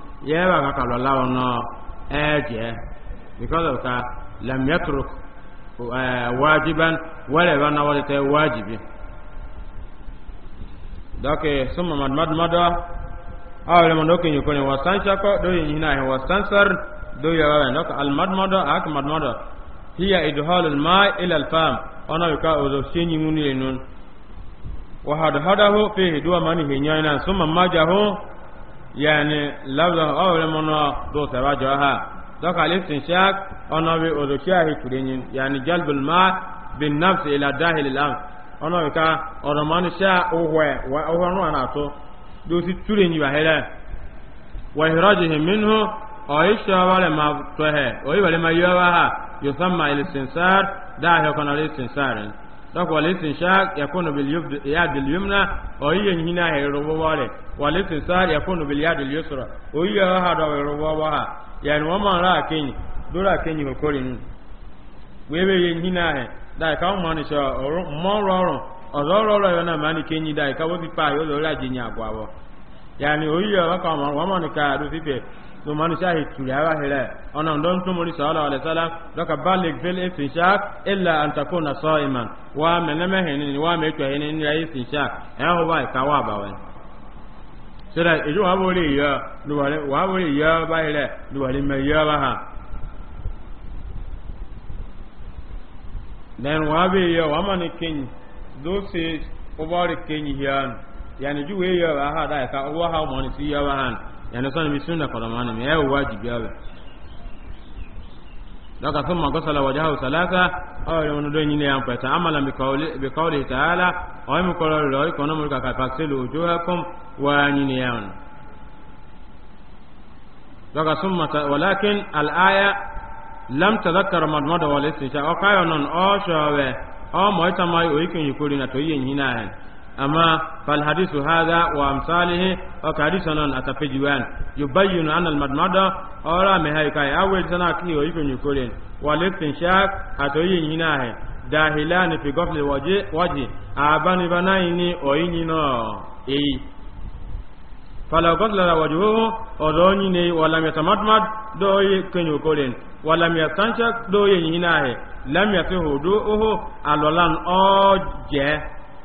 yẹ́wà kàkà lọ́la wọn náà because of ka lamyatruk eh, wajiban wala ba na wala ta wajibi dake summa mad mad mada awle man doke nyuko ne wasan chako do yina he wasan sar do ya wa ndoka al mad mada ak mad mada hiya idhal al ma ila al fam ona yuka ozo shenyi muni lenun wa hada hadahu fi duwa mani he nyana summa majahu yani labda awre mono do saba jaha doka liftin shak ono bi odoshiahi kurenyin yani jalbul ma bin nafs ila dahil al am ono bi ka oromani sha ohwe wa ohonu anato do si turenyi wa hele wa ihrajihi minhu oisha wale ma tohe oyi wale ma yawa ha yusamma ila sinsar dahi kana ila sinsarin donc walistinshaq yakunu bil yad al yumna o yiye hina he rubawale walistinsar yakunu bil yad al yusra o yiye ha do rubawaha yani wama ra kenyi dora kenyi ko korin wewe ye hina he da ka mo ni so mo rorun ozo roro yo na mani kenyi da ka wo bi pa yo lo ra jinya gwawo yani o yiye ka mo wama ka do fipe to manu turi turiyawa hira ona oh, don to muri sallallahu ala wasallam doka balik fil istishaq illa an takuna sa'iman wa meneme hinin wa me to ni ho eh, oh, ba sira wa bori ya duwale wa bori ya ba hira me ya ba ha den wa be ya wa mani kin do se obare kin yani ya ba ha da ka wa ha mani si ya ba yani sana ni sunna kwa maana ni yao wajibu yawe daga thumma ghasala wajahu salasa aw le onodo nyine yampa ta amala bi qawli bi qawli ta'ala aw mi qawla lo ko no mulka ka fasilu wujuhakum wa nyine yawn daga thumma walakin al aya lam tadhakkar madmada wal istinsha aw kayo non o shawe o moita mai o ikin yikuri na to yin hinaen أما فالحديث هذا وأمثاله وكحديث أن أتفجوان يبين أن المدمدة أولا مهيكا أول سنة كي ويكون يكولين والاستنشاق أتوين هناه داخلان في قفل الوجه وجه أبان بنايني أوينينا إي فلو قتل وجهه أذونيني ولم يتمدمد دوي كن يكولين ولم يستنشق دوي هناه لم يتهدوه ألولان أوجه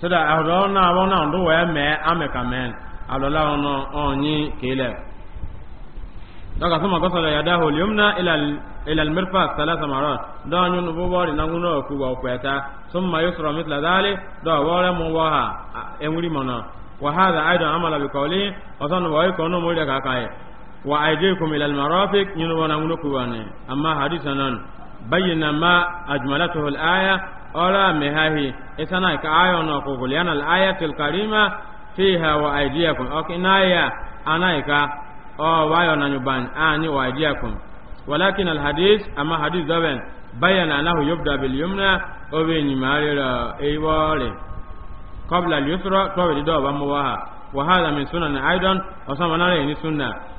so that ahụrụ na abụ na ndụ wee mee amịka mee alụla ọnụ onyi kele daga sama gosala ya dahu yumna ila ila almirfaq thalatha marat da nyun bu bori na nguno ku ba kweta summa yusra mithla dhali da wala mu waha enwuri mana wa hadha aidan amala bi qawli wa sanu wa yakunu mu daga kai wa aydikum ila almarafiq nyun wana nguno ku bane amma hadithanan bayyana ma ajmalatuhu alaya ọla mehahi isana ka ayo no ko gulyana al ayatul karima fiha wa aydiyakum okinaya anaika o wayo na nyuban ani wa aydiyakum walakin al hadith ama hadith dawen bayana anahu yubda bil yumna o be ni marira eywore qabla al yusra to be do ba mo wa wa hada min sunan aidan o sama na ni sunna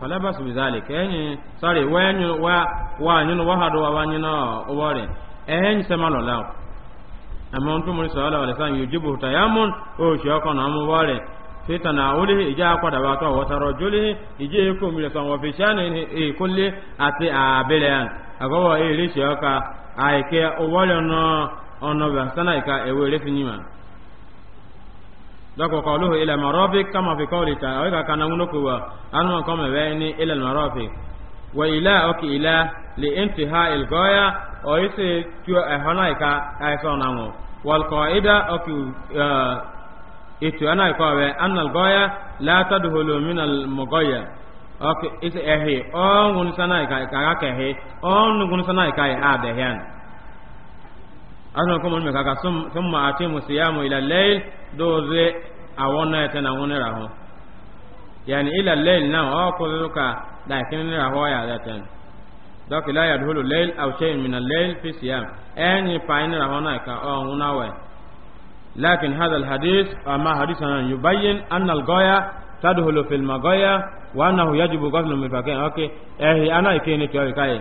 falabasu bizali kenyi sorry wenyu wa wa nyinu wa hadu wa wanyina obore enyi semalo lawo amma ntu muri sallallahu alaihi wasallam yujibu tayamun o shoko na mu bore fita na wuri ija akwa da wato wata rajuli ije ko mi san wa fi shani e kulli ati abele agawa e rishi aka aike obore no ono ba sana ka ewere finyima dɔkɔ kɔluhu ila marɔfi kama fi kɔli ta o ka kana ŋun wa anu ma bɛ ni ila marɔfi wa ila ila li ha ilgɔya o se tuo ɛhɔna na ŋo wal kɔida o itu ana yi kɔbɛ na ilgɔya wee ta al mɔgɔya o ise ɛhi o yi ka kɛhi ana kuma me kaka sum sum ma ati musiyamu ila layl doze awona ete na wona raho yani ila layl na o ko zuka da kin raho ya zatan dok la yadhulu layl aw shay min al-layl fi siyam ani fa'in raho na ka o wona we lakin hadha al-hadith ama hadithan yubayyin anna al-ghaya tadhulu fil maghaya wa annahu yajibu ghaslu mifakin okay eh ana ikene kai kai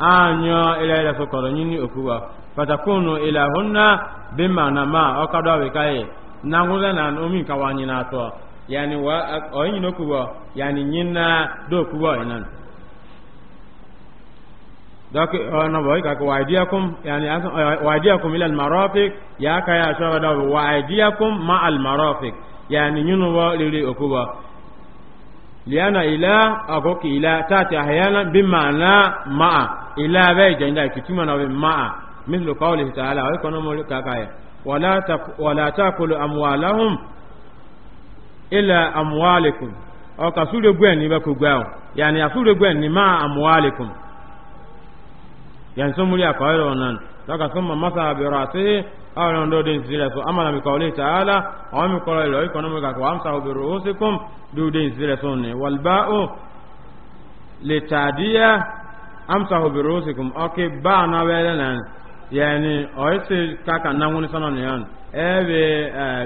anyo ila ila sokoro nyini okuwa fatakunu ila hunna bima na ma okado wekaye na ngule na omi kawani na to yani wa oyin okuwa yani nyina do okuwa inan dak ona oh, boy ka waidiyakum yani eh, kum ila al marafiq ya ka ya shawada kum ma al marafiq yani nyinu wa lili okuwa liana ila agoki ila tati ahyana bimaana maa ila bɛɛ jɛnda kituma na bɛ maa mislu kawli taala o kɔnɔ mɔli ka ka ye wala taakulu amwaalahum ila amwaalikum ɔ ka suure gbɛɛ ni bɛ ko gbɛɛ o yaani a suure gbɛɛ ni maa amwaalikum yanni sɔmuli a kɔɔyɔrɔ nan lɔka sɔmma masa abiraasi awon ndo den zira so amana bi qawli ta'ala wa mi qala ila ikonu ga ko amsa so ne wal ba'u li tadiya amsa bi ru'usikum ba na wele nan yani oyse kaka na ngoni sana ne yan ebe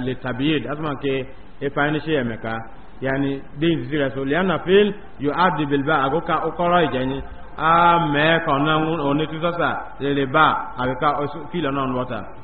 li tabiyid asma ke e fani she emeka yani den zira so li fil yu'addi bil ba'a go a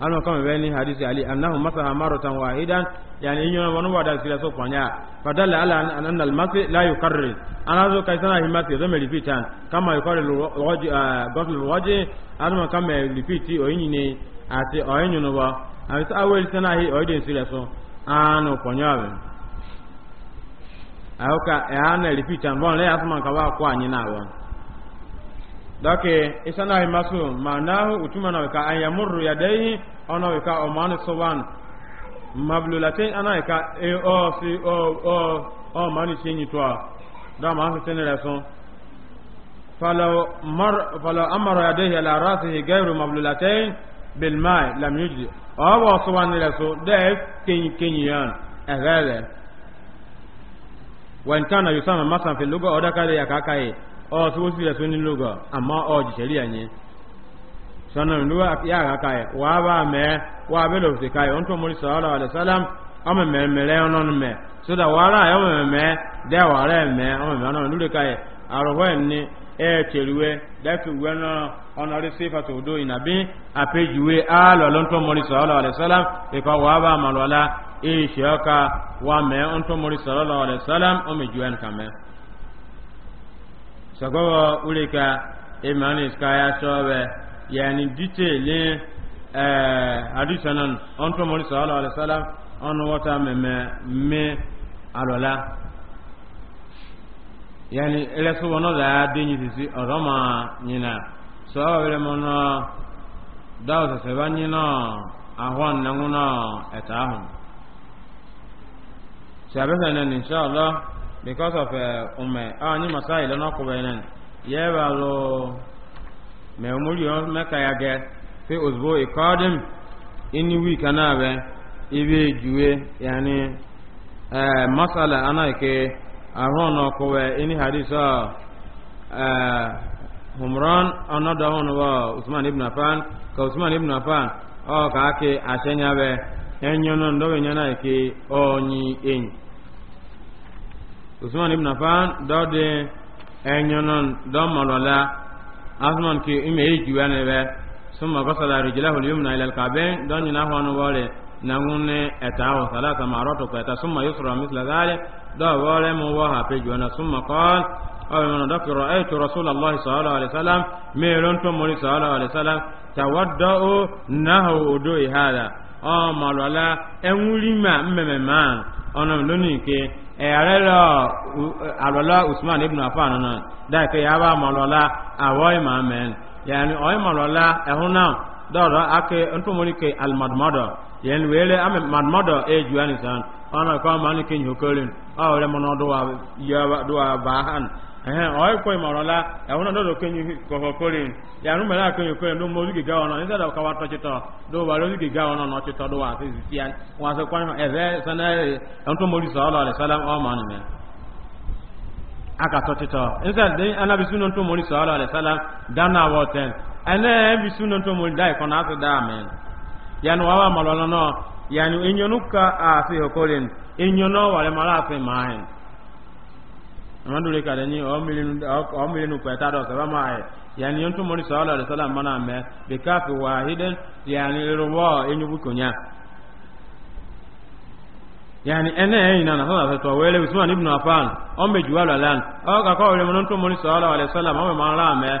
anu kama bani hadisi ali annahu masaha maratan wahidan yani inyo wonu wada sila so panya fadalla ala anna al masi la yukarrir anazo kaisana himati zo melipitan kama yukarrir waji ah, gofil waji anu kama lipiti oyinyi ne ati oyinyo no ba awisa awel sana hi oyde sila so anu panya be aoka e ana lipitan bon le asman ka wa kwa nyina won dake isana himasu ma'anahu utuma na ka an yamurru yadayhi ona ka omani sowan mablulatin ana ka e o si o o o mani chinyi twa da ma hasu tene rason falaw mar falaw amara yadayhi ala rasihi ghayru mablulatin bil ma'i lam yujdi o wa sowan raso de kenyi kenyi yan agale wa in kana yusama masan fil lugha odaka ya kakai ọ tí wọ́n sì rẹ̀ tó nílò gọ̀ àmọ́ ọ jìṣẹ́rí ẹ̀yìn sọ̀nà ìlú yàrá káyẹ̀ wà á bá mẹ́ wà á bẹ̀rẹ̀ òsì káyẹ̀ ọ̀n tó mọ́rí sọ̀rọ̀ alẹ́ sálám mere mere ọ̀nà mẹ́ sódà wà á ọmọ mẹ́mẹ́ dẹ́wà rẹ̀ mẹ́ ọmọ mẹ́mẹ́ ọ̀nà lórí káyẹ̀ àròhọ́ ẹ̀ ní ẹ̀ tẹ̀lúwẹ́ dẹ́kùwẹ́ náà ọ̀nà sagowo ulika imanis kaya sobe yani detail eh hadisanan on to mori sallallahu alaihi wasallam onu wata meme me alola yani elesu wono da denyi sisi oroma nyina so awele mono dawo se banyi no ahwan nanguno etahu sabesa nan inshallah because of ume uh, a ah, ni masai lana ko benen ye ba lo me umuri on me ka ya ge fi uzbo iqadim inni wi kana be ibe juwe yani eh masala ana ike ahon no ko we ini hadisa eh humran anada hon usman ibn affan ka usman ibn affan o ka ke ashenya be enyo no ndo be nyana ke enyi usman ibn afan dɔ de ɛnyɔnɔn dɔ mɔlɔla asuman ke ime yi e juwa ne bɛ suma kɔsala rijila hulu yomina ilal kabe dɔ nyina hɔn wɔle nangun ne ɛta o kɛta suma yusra misla zaale wɔle mu na suma kɔl ɔbɛ mana dɔ kiro ɛyi to rasulallah sallallahu alaihi salam meelon to sallallahu alaihi salam ẹ̀rẹ́ lọ àlọ́lá usman ibn afan náà dáìkẹ́ yà bá mọ̀lọ́lá àwọ̀ ìmọ̀ mẹ́rin yẹn ọ̀ìmọ̀lọ́lá ẹ̀hún náà dọ́ọ̀dọ́ ake ntúmọ̀lìkẹ́ almadmọ́dọ̀ yẹn wẹ́rẹ́ madmọ́dọ̀ e ẹ̀jú ẹnìsàn ọ̀nà ìkọ́ mọ́nìkẹ́ ọ̀rẹ́ mọ́nà dùwà bá ẹ̀hẹ́n ọ̀ẹ́kọ́ ìmọ̀rànlá ẹ̀wọ́n náà lọ́dọ̀ kẹ́yìn kọ̀kọ̀kọ́rin yàrá mẹ́rin àkẹ́yìn kọ́rin ló mọ́ orígìgá ọ̀nà nígbàdà ọ̀káwà tọ́chítọ́ lówà orígìgá ọ̀nà náà títọ́ lówà àti ìsìsí wọn àti kwan tó sọ ọmọ nìyẹn tó sọ dáná tó náà ti dá àmì yanu wàá wà náà yanu amandure ka dani o milinu o milinu pa ta do ka ma ya yani yonto mori sallallahu alaihi wasallam mana me be kafi wahidan yani ruwa enyu yani ene na sana to wele usman ibn affan o me juwala lan o ka ko wele monto sallallahu alaihi wasallam o me mara me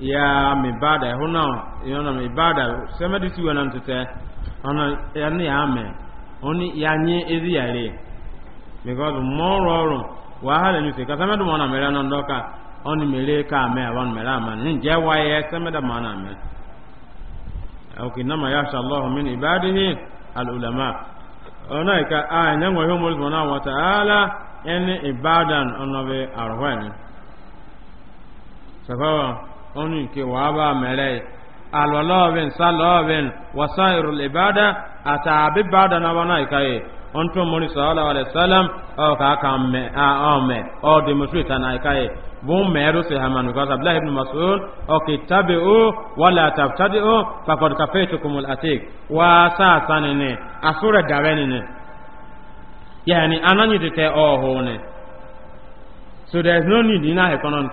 ya mi bada hona yona mi bada semedi ti wana ntete ona yani ya me oni nye ezi ya because more oro wa hala ni se ka semedu mona mere ka me awon mere ama ni je wa ye me okay ya sha Allah min ibadihi al ulama ona ka a nyango mo wa taala ibadan er sabawa onu nke waaba mere alwalovin salovin wasairul ibada ata abibada na wana ikaye onto mori sallallahu alaihi wasallam o ka ka me a o me o demonstrate na ikaye bu mero se hamanu ka abdullah ibn mas'ud o kitabu wala taftadiu faqad kafaytukum al-atiq wa sa'sanene asura dawenene yani ananyi tete o hone so there is no need in a economic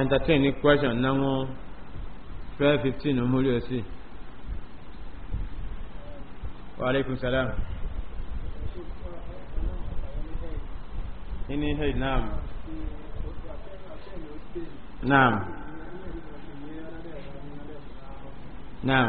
entertain ní question náà wọ́n twelve fifteen ọmọ orí ọ̀sìn. wa alaikum salam. ini hai naam naam naam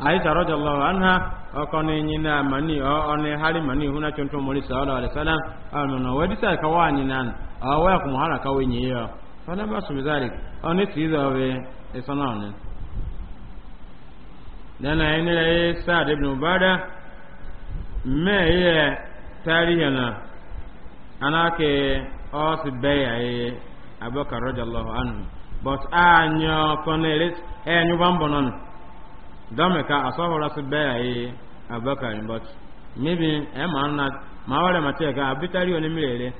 aisha radiyallahu anha okone nyina mani o one hali mani huna chonto muri sallallahu alaihi wasallam amana wadisa kawani nan awa ku muhara kawenye yo fala basu bizalik oni tizo be esanone nana ene sa'd ibn ubada me ye tarihana anake osibeya ye anhu but anyo enyu e, bambonon dɔmi ka asɔhura si bɛya ye abubakar but maybe ɛ maa na maa wɛrɛ ma tɛ ka abitari oni ere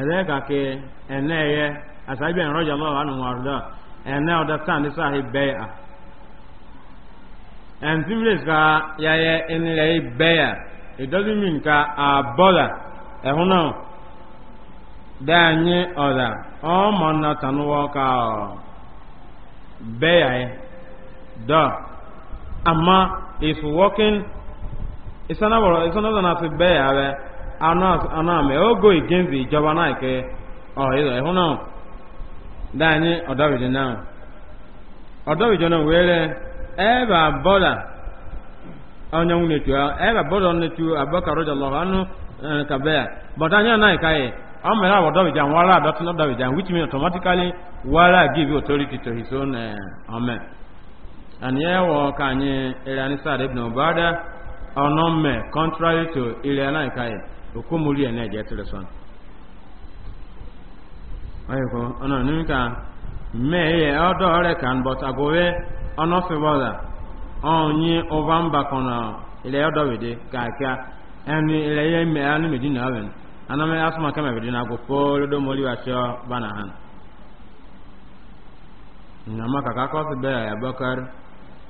ɛlɛ ka ke ɛnɛ yɛ asabi ɛn rɔja lɔ anu ŋɔrɔdɔ ɛnɛ ɔdɔ sandi sahi bɛya and simile ka yayɛ ɛnilɛ yi bɛya it doesn't mean ka a bɔla ɛhuna daa nye ɔda ɔmɔ na tanuwɔ ka bɛya yɛ dɔ. amma if working isanaboro another na fi bẹ́ẹ̀ yàrá go against the ìjọba náà or ọ̀ ìlọ ẹ̀hún náà dáhìí ní ọ̀dọ́bìdì náà ọ̀dọ́bìdì náà wẹ́rẹ́ ẹ̀ bá bọ́dà onye nwunye tu ẹ̀ bá bọ́dà onye tu abọ́kàrọ̀ jọlọ ọ̀hánú kàbẹ́yà bọ̀dà anyá náà ìka yẹ ọ which means automatically wàrà give authority to his own uh, amen. and yẹ wọ ka anyị ịrịanị sáàdị ibn ọbada mme contrary to ịrịanị ka yi okomori ẹni sọn ọyọkọ ọnà nínú ka mmee ọdọ ọrẹ kan but agbowe ọnọfẹwọlá ọnyi ọba mba kan na ịrịa ọdọ wede kàkà ẹni na agopọ lọdọmọlì wa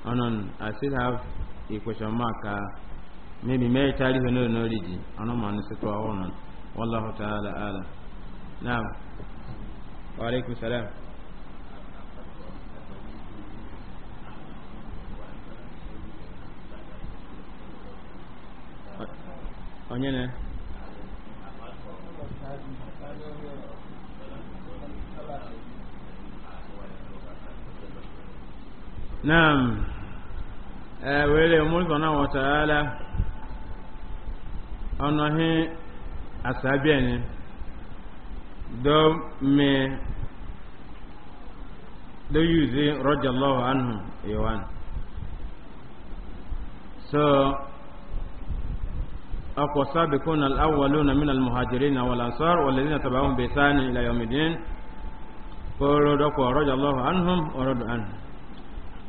on, on, I still have a question mark. Uh, maybe may tell you no no rigi. I know man sit to our on. Wallahu ta'ala ala. Now. Wa alaikum salam. Onye ne? Naam. wele umuri sọ̀nà wọ̀tàálà ọ̀nà hí àsàbíẹ̀ ni dọ́ mi dọ́ yìí zí rọ́jà lọ́wọ́ anhu ìwọ̀n so أقوى السابقون الأولون من المهاجرين والأنصار والذين تبعهم بإحسان إلى يوم الدين قولوا دقوا رضي الله عنهم ورضوا عنهم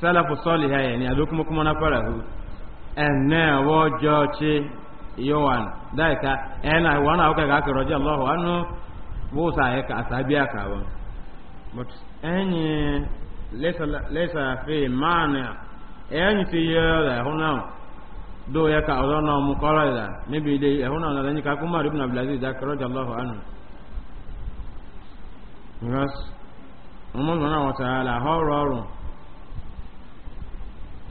salafu sọlị ha ya ni alokuma kuma na fara hu ene wo jọchi yowan daika ena wana oka ga ka roja allah anu wo sa he ka sabi ka wa but enyi lesa lesa fi mana enyi ti yela hona do ya ka ọdọ na ọmụ kọrọ ya mebi ile ẹhụ na ọdọ enyi ka kuma ibn abdulaziz da ka roja allah anu because ọmọ mọ na wọtara ala ha ọrụ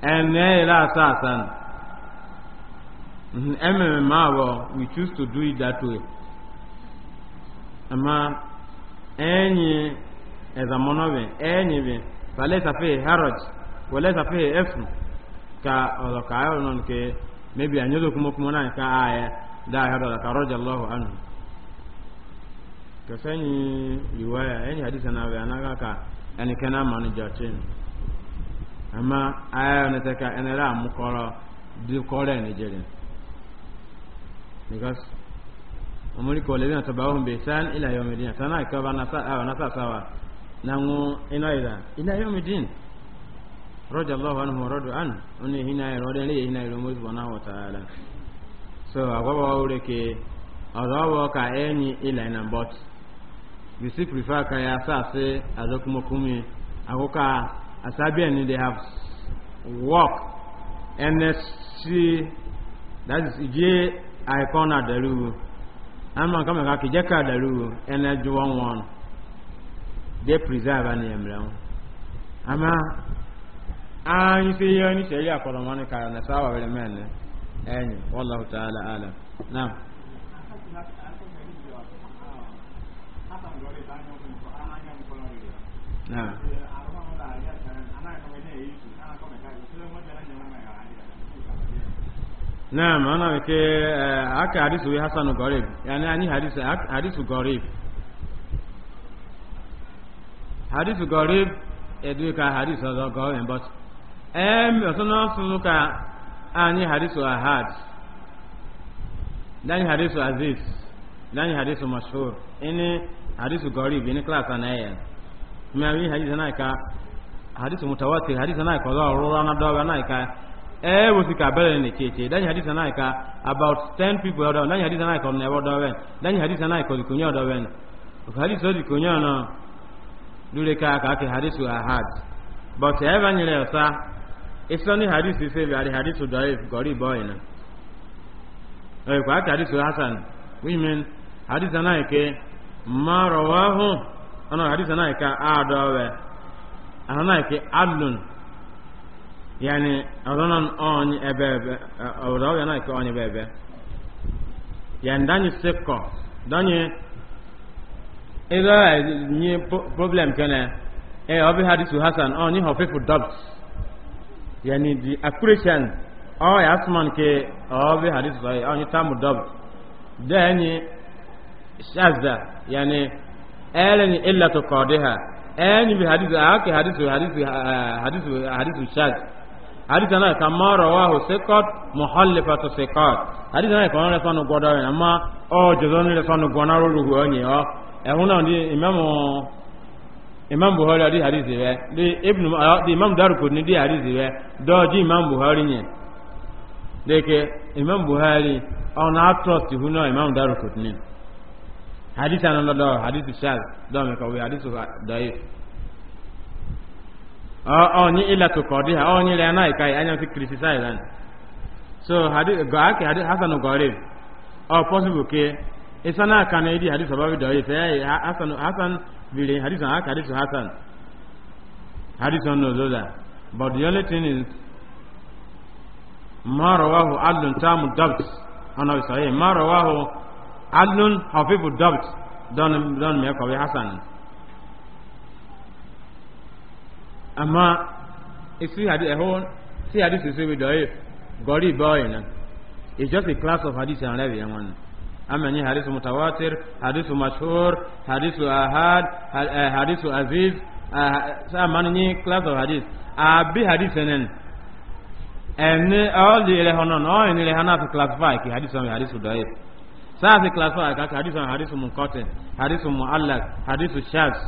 ẹnẹ ìlà àtàtàn ẹmẹmẹ máa wọ we choose to do it that way ama ẹnyi ẹzamọnọ bẹ ẹnyi bẹ falẹ sàfẹ harrod wọlé sàfẹ ẹfù ka ọlọ ka ayọ nọ nke maybe anyọdọ kumokumo náà ka ayẹ dáa ayọ dọlọ ka rọjà lọhọ anu kẹsẹ ẹnyi riwaya ẹnyi hadisa náà bẹ anaga ka ẹnikẹ́ náà mọ̀ ní jọ̀ọ́chẹ́ni amma aya ne taka enera mu koro di kore ne jere because amuri ko lelina tabahum bi san ila yawmidin sana ka ba na sa awa na sa sawa nangu ina ila ila yawmidin رضي الله عنه ورضوا عنه أن هنا يرودن لي هنا يرمز سبحانه وتعالى so agwagwa wuri ke ọzọwọ ka enyi ila na bọt yusi prefer ka ya sa se azokumokumi akwụka Asabian, they have work NSC, that is J Icona Daru. I'm not coming back, 11 They preserve an emblem. Ama, anyị sị ihe onye chere akpọrọ kara na sawa were enyi wallahu ta'ala ala na na naam ana wike eh, aka hadisu we hasanu gharib yani ani hadisu hadisu gharib hadisu gharib edu ka hadisu zo but em osono sunu ka ani hadisu ahad nani hadisu aziz nani hadisu mashhur ini hadisu gharib ini class na ka hadisu mutawatir hadisu na ka zo rura na dawa na ka ewosi ka bere ne cheche dani hadisa na ka about 10 uh, people odo dani hadisa na ka ne odo wen dani hadisa na ka kunyo odo wen hadisa di kunyo no dure ka ka ke hadisu uh, ahad but e ba nyere osa iso ni hadisi se bi ari hadisu gori boy na e ko hadisu hasan we mean hadisa na ke ma ana hadisa na ka ado ana na ke yani ọdọnan ọnyi ẹbẹ ẹbẹ ọdọ ọyọ náà kẹ ọnyi bẹbẹ yani dani sekọ danyi ẹdọ ẹ nyi problem kẹnẹ ẹ ọbẹ hadisu hasan ọnyi hɔ fifu dọbt yani di accuracy ọ yà asuman ke ọbẹ hadisu sọyẹ ọnyi tamu dọbt dẹ ẹnyi shazda yani ẹlẹni ilẹ tó kọọdi ha ẹnyi e, bi hadisu akẹ hadisu hadisu hadisu hadisu shaz. hadith náà ka hosekot mọ̀hálífà tó sekot hadith náà kàn rẹ̀ sọ́nù gbọ́dọ̀ rẹ̀ àmọ́ ọ́ jọ̀dọ̀ ní rẹ̀ sọ́nù gbọ́nà rúru ọ̀ yẹn ọ́ ẹ̀hún náà ní ìmọ̀mù buhari adi hadisi rɛ di ibnu ah, di imam darukuni di hadisi rɛ dɔɔ di buhari buhari ɔna oh, na imam darukuni hadisi anadɔ hadisi hadisi onye oh, oh, ilatu kọdị ha onye oh, ile anaghị ka anya si criticize lan. so aki hasan gorib ọ possible ke isa eh, na aka na edi hadis ọbabi dọrị sị ya eh, hasan hasan biri hadis ọha ka hadis hasan hadis ọ n'ozo da but the only thing is marawahu adlun tamu dabt ọnà bisayi marawahu adlun hafifu dabt don don mekọwe hasan amma isi hadith ehon si hadith isi bi doye gori boy na it's just a class of hadith and rabi yan amma ni hadith mutawatir hadith mashhur hadith ahad eh, hadith aziz sa man ni class of hadith abi hadith enen en all the ele honon o en ele hana classify ki hadith on hadith doye sa fi classify ka hadith on hadith munqati hadith muallaq hadith shadh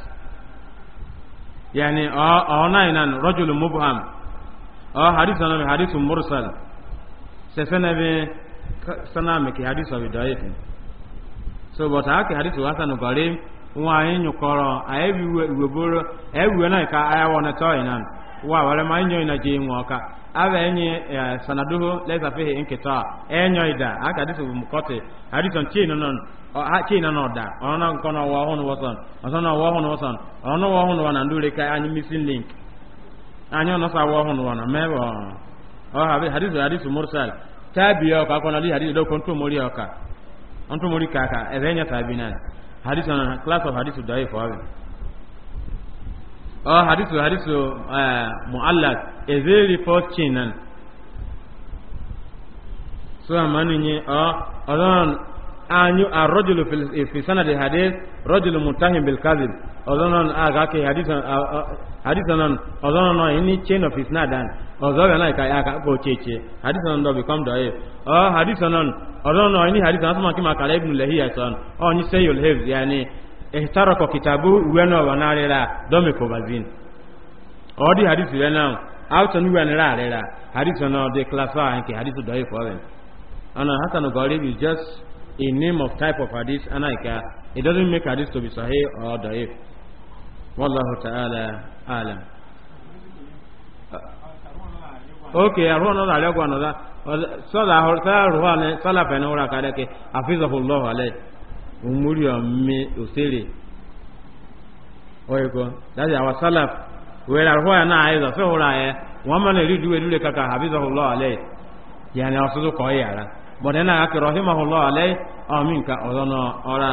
yani ona inan na hadithu mursal sesene bi sana me ki ha ki hadithu hasan gari wa yin yukoro ayi wi we boro ayi we wa wala ma nyoy na je ngoka aba enye sanaduhu laysa fihi nketa enyoy da aka disu mukote hadithon chi no non ha chi no no da ona kono wa hono wasan ona wa hono wasan ona wa hono wana ndure kai anyi missing link anyo no sa wa hono wana mebo o habi hadithu hadithu mursal tabiyo ka kono li hadithu do kontu mori oka ontu mori kaka ebenye tabinan hadithu na class of hadithu daifu awe ọ oh, hadisu hadisu eh, mu'allaq ezeri first chain nan so amanu nye ọ oh, ọdọn anyu arrojulu fi sanadi hadis rojulu mutahim bil kazib ọdọn aga ah, ke hadisu nan ọdọn nọ ini chain of isnadan eh? ọzọ bẹ náà ka aka kpọ cheche hadisu nan dọ become dọ ye ọ hadisu nan ọdọn nọ ini hadisu nan sọmọ kí ma kàlẹ́ ibnu lẹ́hìyà eh, sọ ọ oh, ní sẹ́yọ̀l hevs yanni. ihtaraka kitabuhu uwe na ọba n'arịra dọmi kobazin ọ dị hadisi uwe na awụta n'uwe nira arịra hadisi na ọdị klasa nke hadisi dọyi fọrin ana hasan gọrib is just a name of type of hadith anaika it doesn't make hadith to be sahih or dọyi wallahu ta'ala alam okay arụọ nọ n'arịa gwa nọ sọla ahụrụ sọla ahụrụ sọla ke alayhi umuri wa mme usiri oyeko dadi awa salaf wera roya na aiza so hora ye wama ne ridu we dule kaka habizahullah alay yani asuzu ya yara bode na ka rahimahullah alay amin ka odono ora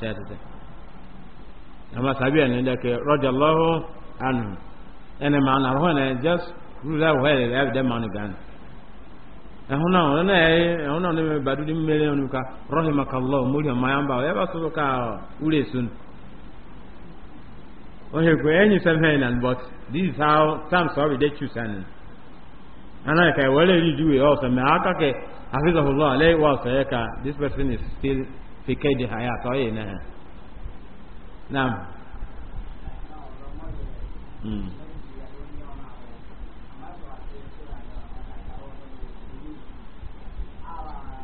sedete ama sabiya ne da ke radiyallahu anhu ene ma na roya na just rule that where they have them on the ẹ̀hún náà ọ̀rẹ́ náà ẹ̀hún náà níbi ìbàdúdí mẹ́rẹ́ ọ̀nà ìka rọ́hìmọ̀kàlọ́ mórí ọmọ ayámbá ẹ̀ bá sọ́sọ́ ká wúrẹ̀ sùn. oye kò but this is how sam sọ́ọ̀rì dé tù sani. aná ẹ̀ka ìwọlé rí ìdúwé ọ̀sẹ̀ mẹ́ akákẹ́ àfihàn alẹ́ this person is still fìkẹ́ di àyà àtọ́ na.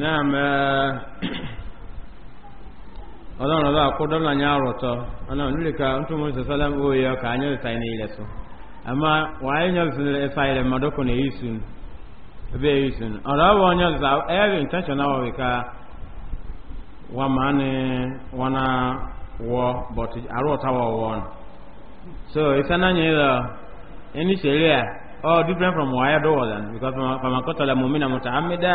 naam eh, ọlọ́run ọba àkọ́dọ́là ní àròtọ́ ọlọ́run nílùú ká ń túnmọ̀ sí sọ́lá ó yẹ ọkà anyọ́ ìta ní ilẹ̀ sọ àmọ́ wàá yẹn sí ẹ̀fà ilẹ̀ mọ́dọ́kùn èyí sùn ẹbẹ́ èyí sùn ọ̀rọ̀ ọba ọ̀nyọ́ sí ẹ̀rì ìtẹ́sọ̀ náà wọ̀wì ká wọ́n máa ní wọ́n náà wọ́ bọ̀tì àròtá wọ̀ wọ́n so ìsẹ́ náà yẹn lọ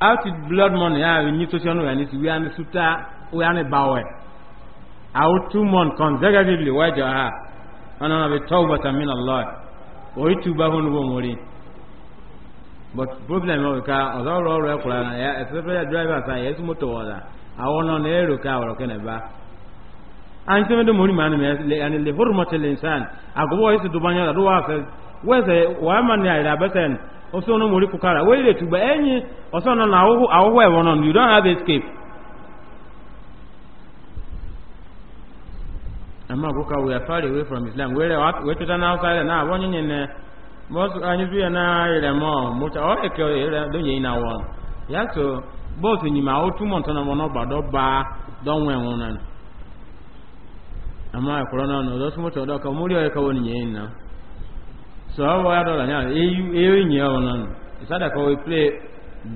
out blood money a ah, we need social awareness we are suta ah, we are bawe out two month consecutively waja ha ana na be tawbata min allah o itu ba hon wo mori but problem o ka ozoro ro e kula na ya especially driver sa ah, yes moto wala awon na ero ka oro kene ba an se mede mori manu me le an le hurmatul insan agobo isu dubanya do wa fe wese wa man ya rabatan also no muri kukara wey dey enyi also na awu awu e you don't have escape amma buka we are far away from islam we are what we to na outside na ne most anyi bi na ire mo muta o e ke ire do na ya so both ni ma o oh, tumo to na won ogba oh, do ba don we won na amma corona no oh, so ọwọ ya dọla nya you eyu nyɛ wɔn nanu isada how we play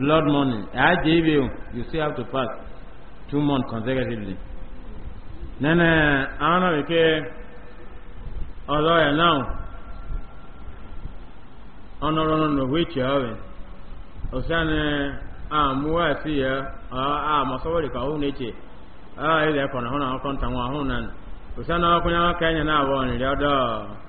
blood money i give you you still have to pass two months consecutively nene àwọn náà wípé ọ̀dọ́ yẹn náà ọ̀nọ́rọ̀nù ló wí kyẹ́ ọ̀wẹ̀ òsèlè àmúwá sí yẹ àmọ̀sọ́wọ́dì kà ọ̀hún n'ekyè ẹ̀ ẹ̀ ilẹ̀ kọ̀nà ọ̀hún àwọn kọ̀ntà wọn ọ̀hún náà òsèlè ọ̀kùnrin akẹ́yìn náà wọ̀ ọ̀nìyàn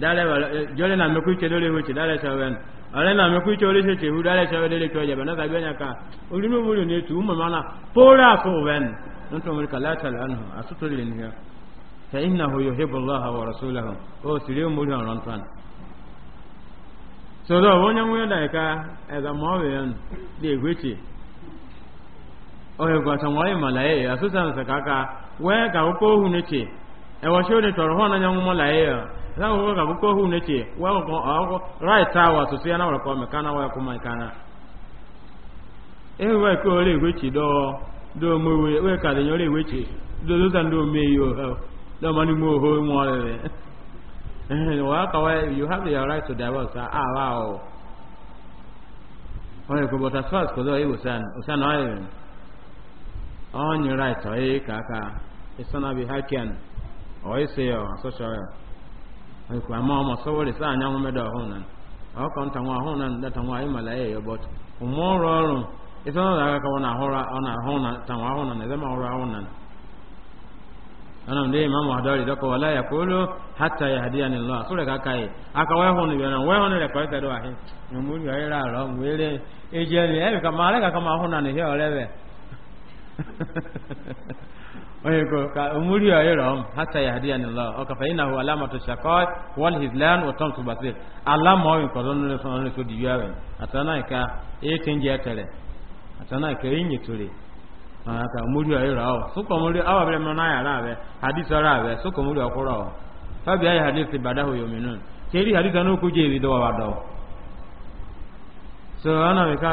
dale jole eh, na meku che dole hoche dale chawen ale na meku che ole che hu dale chawen dele ko jaba na da benya ka uri no bulu ne tu mama na pora so wen ka la ta anhu asuto le fa innahu yuhibbu allah wa rasulahu o sire mo ri tan so do wonya mu ka e mo we en de gwechi o e gwa ta mo ka ko hu e zan ko ga ko hu ne ce wa ko right hour to sai na wa ko me kana wa ko kana e wa ko le go chi do do mo we we ka de nyore we chi do do tan do me yo ha do mani mo ho mo le eh wa ka you have your right to divorce ah wa o oye ko bota spas ko do e usan usan oye on your right oye kaka it's not be hakian oye se yo ọ ma ma sawari sa anya mu na honan akan tan wa honan da tan wa imala ọrụ yo bot umoro orun iso na ka na na ona honan tan na honan da ma hora na ana nde imam hadari da ko ya yakulu hatta yahdiyani allah sura ka kai aka wa honu yana wa honu da kai da wahi mu mu ya ra ro ngwere eje ni e ka mare ka ma ihe he orebe ويقول كأموري يرهم حتى يهديني الله وكفينه علامة الشقاء والهزلان وطمس البصير علامة ينقضون لسنة سوديوين أتانا إكا إيه تنجي أتالي أتانا إكا إني تولي aka muri ayira awa suko muri awa bere mona ya rawe hadisi rawe suko muri akora awa fabi ayi hadisi badahu yuminun keri hadisi anu kuje bi do wa do so ana ka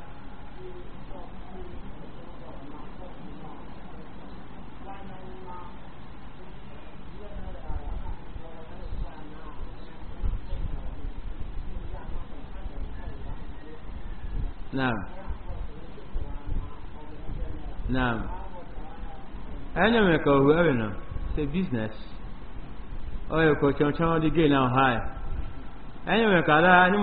نعم نعم أنا ما كوه أبنا say business oyo ko chọnchọn dị gay now high ẹnyẹ mẹ ka ala ni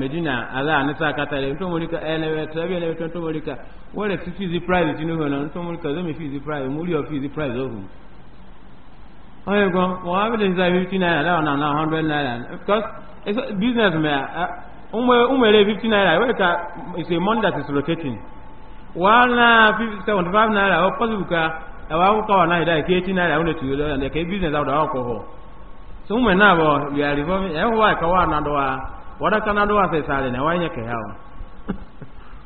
medina ala anita akatare ntomori ka ẹ nẹbẹ tẹbi ẹ nẹbẹ tẹ ntomori ka wọlé ti fizi prize ti nuhu na ntomori ka zomi fizi prize omori ọ fizi prize ohun oyo ko wọn abẹ tẹ sisan fifty naira ala na na hundred naira because business umere 50 naira wey ka is a money that is rotating one na 75 naira or possible ka awa akwụkwọ awa naira ike 80 naira ụlọ tiyo eh, business out of alcohol so ume na abụọ we are reforming eh, ya nwa ka wa na dọwa ka na sị sai na wanye ka yawo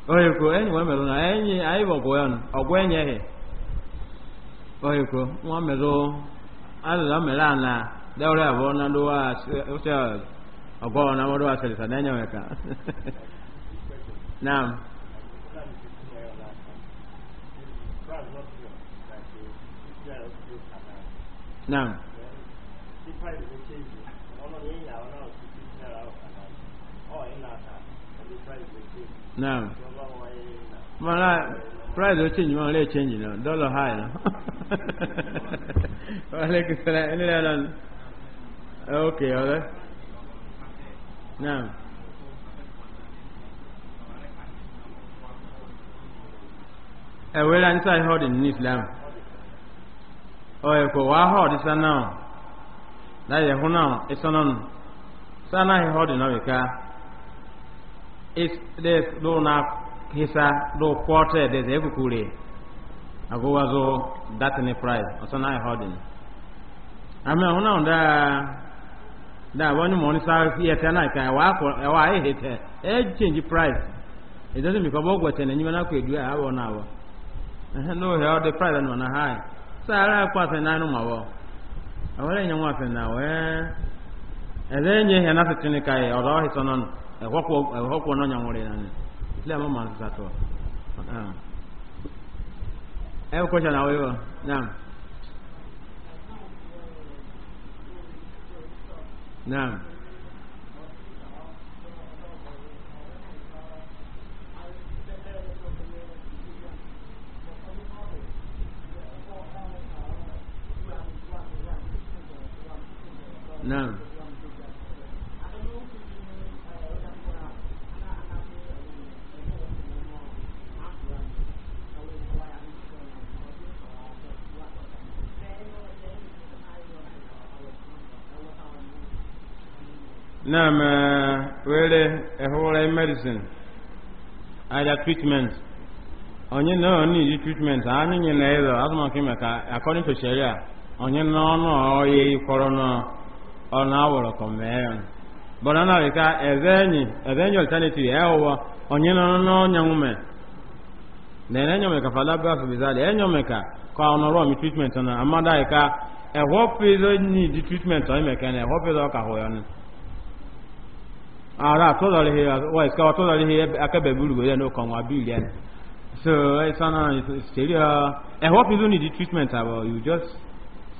oye ko enyi eh, na enyi ayi bo goyon oye ko nwa na abụọ na ogowa na modo aselisa nenyoweka naam naam naam mala price o change ma le change no dollar high no okay نعم ewela eh, nta ihe dị n'islam oyekwo oh, wa aha ọdịsa na na hụ na ịsọnọ sa na dị na ka do na hisa do kwọta edeze ekwukwure agụwazo datin prize ọsọ na ihe na one money salary fee at night can na for a e hit it eh, change price it doesn't become what and you know could a one hour eh, no how the price na a high so I pass and I know my wall I want to know now eh? and then you uh. have nothing to carry or all his on a 那，那。na ma eh, were ehore medicine ada treatment onye na ọ treatment anyị nye na ịlọ ime ka according onye na ọnụ ọya ọ na ọnụ na eze enyi eze enyi alternative ya onye nọ ọnụ nwume na ka ọ nọrọ mi treatment na amada ka ehwọpụ ịzọ treatment ọ na ehwọpụ ịzọ ka hụ ya ara atọdọrịghị wa iska akabe akebe gburu ya n'ụkọ nwa bilion so sana uh, seria and what is only the treatment about uh, you just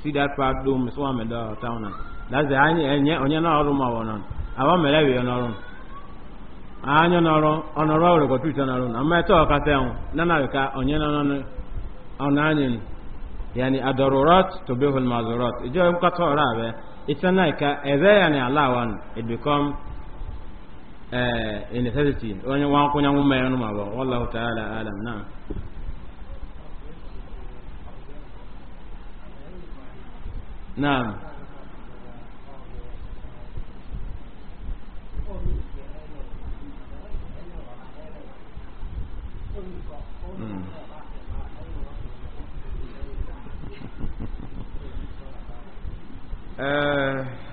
see that part do miss one medal town uh. that's the anya onye na ọrụ ma wọn awa mere wi n'ọrụ anya ọrụ ọnọrọ ọrụ ko tuta n'ọrụ na mmetọ ọkata ẹhụ na na ka onye na ọnụ ọnụ anyị yani adorurat to behul mazurat ijo kata ọrụ eh. ọ it's a like ebe ya ni it become Eh, in necessity onye nwa nkwụnye nwụ mmanya ma bụ wallahu ta'ala alam na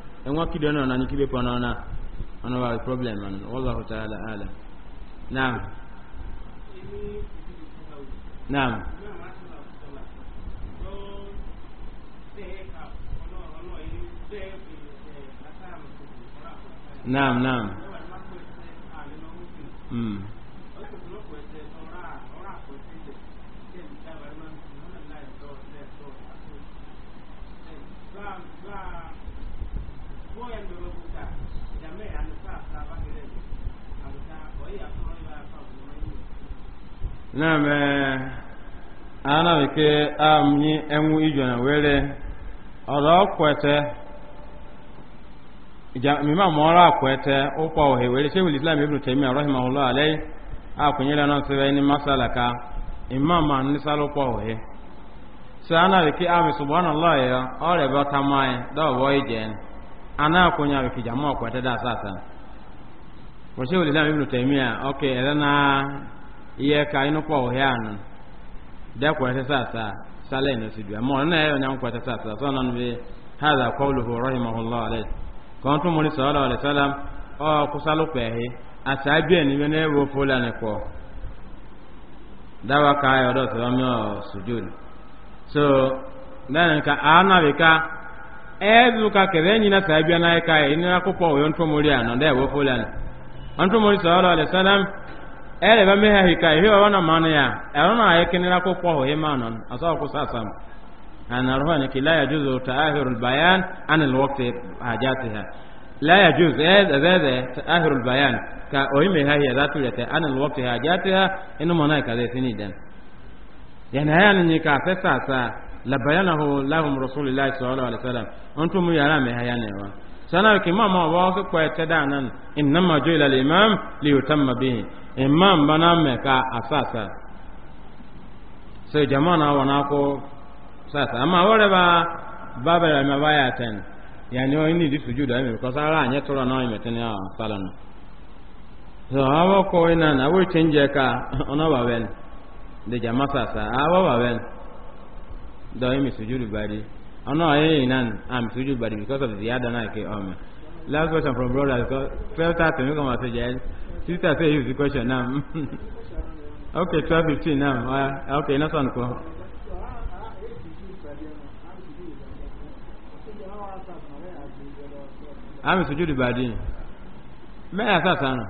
enwa kido na na nikibe pano na ana wa problem an wallahu ta'ala ala na'am na'am na'am na'am mm na mee ana bekee amnyi enwu na were ọrọ kwete mima mọrọ akwete ụkwa ohe were shehul islam ibn taimiyya rahimahullah alayhi akụnyere na nsebe ni masala ka imam an nisala ana bekee ami subhanallah ya ọrịa bụ ọta mmanya dọbọ ije ana akwụnya bekee jama kwete da asasa were shehul islam ibn taimiyya ihe ka anyị nụkwa ọhịa anụ dekwete sasa sale na osidua ma ọ na-eyo nya nkwete sasa sọ nọ haza ha za kwọluhu rahimahullah alayhi ka ọ tụmụrụ sọlọ alayhi salam ọ kwụsalụ kwehi asa bie na-ewu ofola n'ịkwọ dawa ka e ya ọdọ sọrọ mi so lẹ́yìn ka anabi ka ka kẹ̀rẹ́ ẹ̀yìn náà sàbíà náà ẹ̀ka àná ele vai me ba meha hika hiyo wana maana ya anaona ayekenera ko kwa ho hemana asawa ko sasa ana roho ni kila ya juzu taahirul bayan an alwaqt hajatiha la é é justo ya juzu zaza taahirul bayan ka oime hahi zatu yata an alwaqt hajatiha inu é ka zai sini dan yana yana ni ka sasa la bayanahu lahum rasulullah sallallahu alaihi wasallam antum yara me hayanewa sana kimama wa ko kwa tadanan inma juila al imam liyutamma bihi imam bana meka asasa so jama na wana ko asaa ama wale ba baba ya mabaya ten yani o suju disujuda ime because ara anye toro na ime ten ya sala no so awo ko ina na we change ka ona ba ben de jama sasa awo ba ben do ime sujudu bari ona ayi nan am sujudu bari because of the other na ke um last question from brother because felt that to me come as Sister say use the question now. okay, twelve fifteen now. Uh, okay, next one go. I'm sujudu badi. Me asa sana.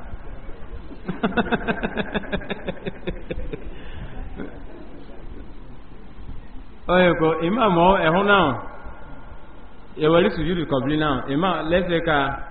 Oye ko imam oh ehun now. to Ewari sujudu kobli now. Imam let's say ka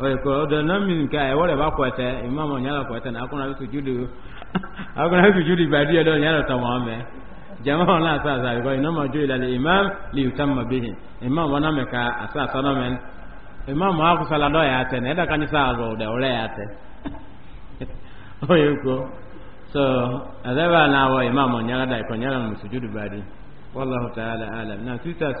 oye ko do na min ka e wore ba ko te imam nya na ko na bi sujudu ako na bi sujudu ba di do nya la ta wa me jamaa na sa sa ko ina ma jo ila al imam li yutamma bihi imam wana me ka asa sa na men imam ma ko sala do ya te ne da kan sa ro da ore ya te oye ko so adaba na wa imam nya la da ko nya la sujudu ba di wallahu ta'ala alam na sisters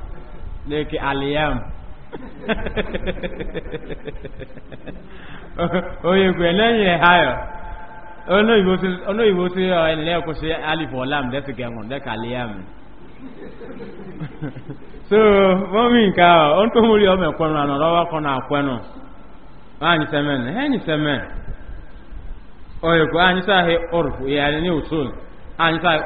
leke aliyam oye kwe lẹ́yìn ẹ̀ha yọ olóyìnbó sí ẹ̀lẹ́ ẹ̀kọ́ sí alif ọ̀lam lẹ́sì gẹ̀mọ̀ lẹ́ka aliyam so wọ́n mi nka ọ́n tó múrí ọmọ ẹ̀kọ́nù àná lọ́wọ́ kan náà kwẹ́nu wáyé sẹ́mẹ̀n ẹ̀yìn sẹ́mẹ̀n oye kwe anyisáhe orf yẹ́ni ní òtún anyisáhe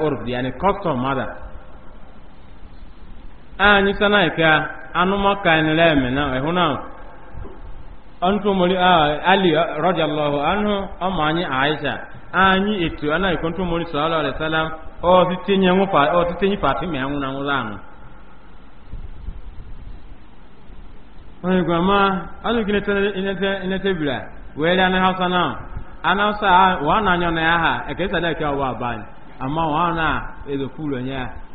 anyị sana ka anụmaka nile emena ehuna ali radiyallahu anhu anyị aisha anyị etu anaghị kọntu mori sallallahu alaihi wasallam ọtụtụ a nwụfa ọtụtụ nye fatima ya nwụna nwụla anụ onye gwama ọnụ gị netebira wee rie anaghị ọsọ na anasa wa na anya na ya ha e e ama wa na ezokwuru onye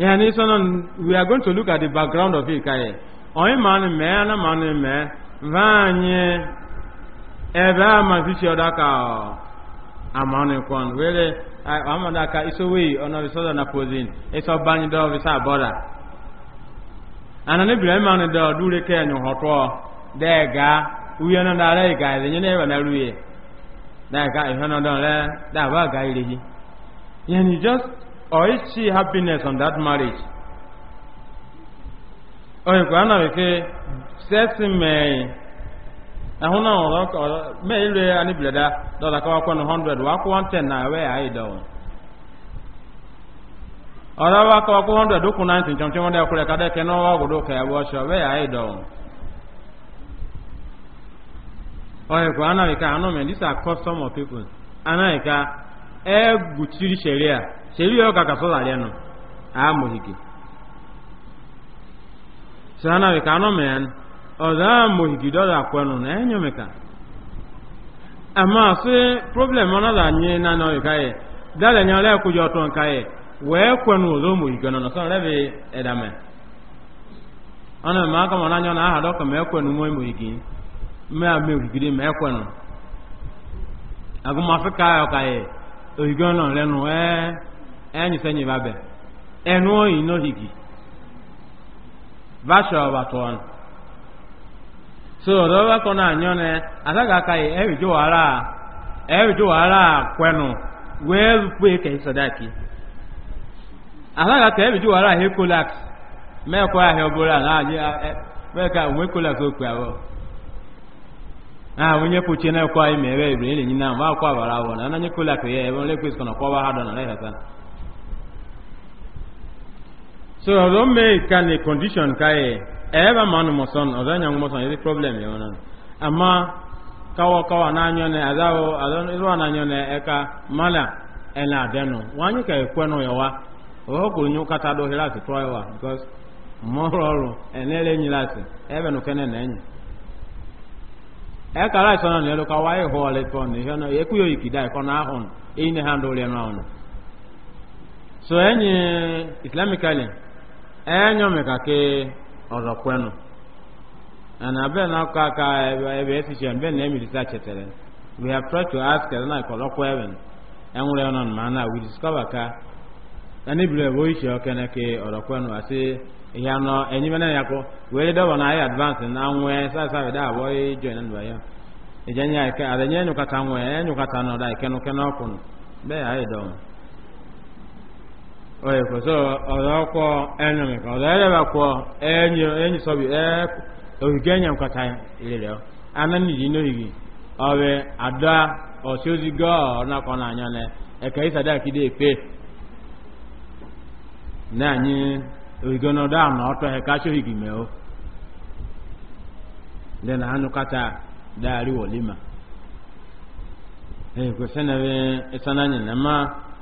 Yeah, and so we are going to look at the background of ika it. Kaye. Oyin man me ana man me anyị ebe a ama fiti odaka amani kon wele amada ka isowe ona bisoda na pozin eso banyi do visa boda ana ne bira man do dure ka nyu hoto de ga uye na dare ga nyi ne ba na ruye da ga ihona do le da ba ga ireji yani just or is she happiness on that marriage? Oye kwa na wike sesi mei ahuna ọrọ mei lue ani bilada dọla kawa kwanu hundred wa kwa ten na we ayi dọwọ ọrọ oh, wa kawa hundred okun ninety ntọntọn wọn dẹ ọkùnrin kadẹ kẹ náà wà ọgọdọ kẹ ẹwọ ọsọ we ayi dọwọ. Oye kwa na wike anu mei these are custom of people anayika ẹ gùchiri sharia. sheria yo kaka sola leno amo hiki sana we kano men oda mo hiki do da kwenu na enyo meka ama se problem ona da nye na no ikaye dale nya le kujo to nkaye we kwenu ozo mo hiki no so lebe edame ana ma ka mona nyo na ha do ko me kwenu mo mo hiki me a me hiki me kwenu aguma fika yo kaye ohigo no lenu eh enyi senyi babe enu oyi basho so do ba nyone asaga kai ewi kwenu we pe ke kai ewi jo ara he kolax me ko ahe obora na aje me ka we kolax o pe awo ah wonye po chena ko ai me we ibre ni na ba kwa bara wona na nyekola ke ye won le kwes so ọzọ mee ka na condition ka ye ebe ma anụ mọsọn ọzọ mọsọn problem ya ọnụ ama na na azawo na na eka mala adenu wanyị ka ekwenu ya wa kwuru nyu kata do ati si tọọ wa because mọrọ ọrụ enyi lati ebe na enye kara elu ahụ ha ụlọ enyo ka ke ọzọ kwenu e, na ka ka ebe esi e chen na emiri sa chetere we have tried to ask as na ikọlọ kweven enwere ọnọ ma na we discover ka ẹni bìrì ẹ̀wọ̀ ìṣe ọkẹ́ni ke ọ̀rọ̀ kwenu àti ìyá nọ ẹ̀yìn mẹ́rin ya kọ wẹ́rẹ́ dọ́bọ̀ na ayé advance na nwẹ́ sáfẹ́ dá àbọ̀ ìjọ ẹ̀ e nínú ẹ̀yọ ìjẹ́ nyà ẹ̀kẹ́ àdẹ̀yẹ́ ẹ̀yìn kata nwẹ́ ẹ̀yìn kata nọ dá ìkẹnu kẹ́nu ọkùnrin bẹ́ẹ̀ ayé oye koso ọdọkọ ẹnu mi kan ọdọ ẹlẹba kọ ẹnyi ẹnyi sọbi ẹ ohige ẹnyam kata lelẹ anani ada ozi n'anya kide ekpe n'anyi ohige n'ọdọ àná ọtọ ẹka si ohigi mẹ o dẹna anu kata daari wọlé ma na koso ẹnẹ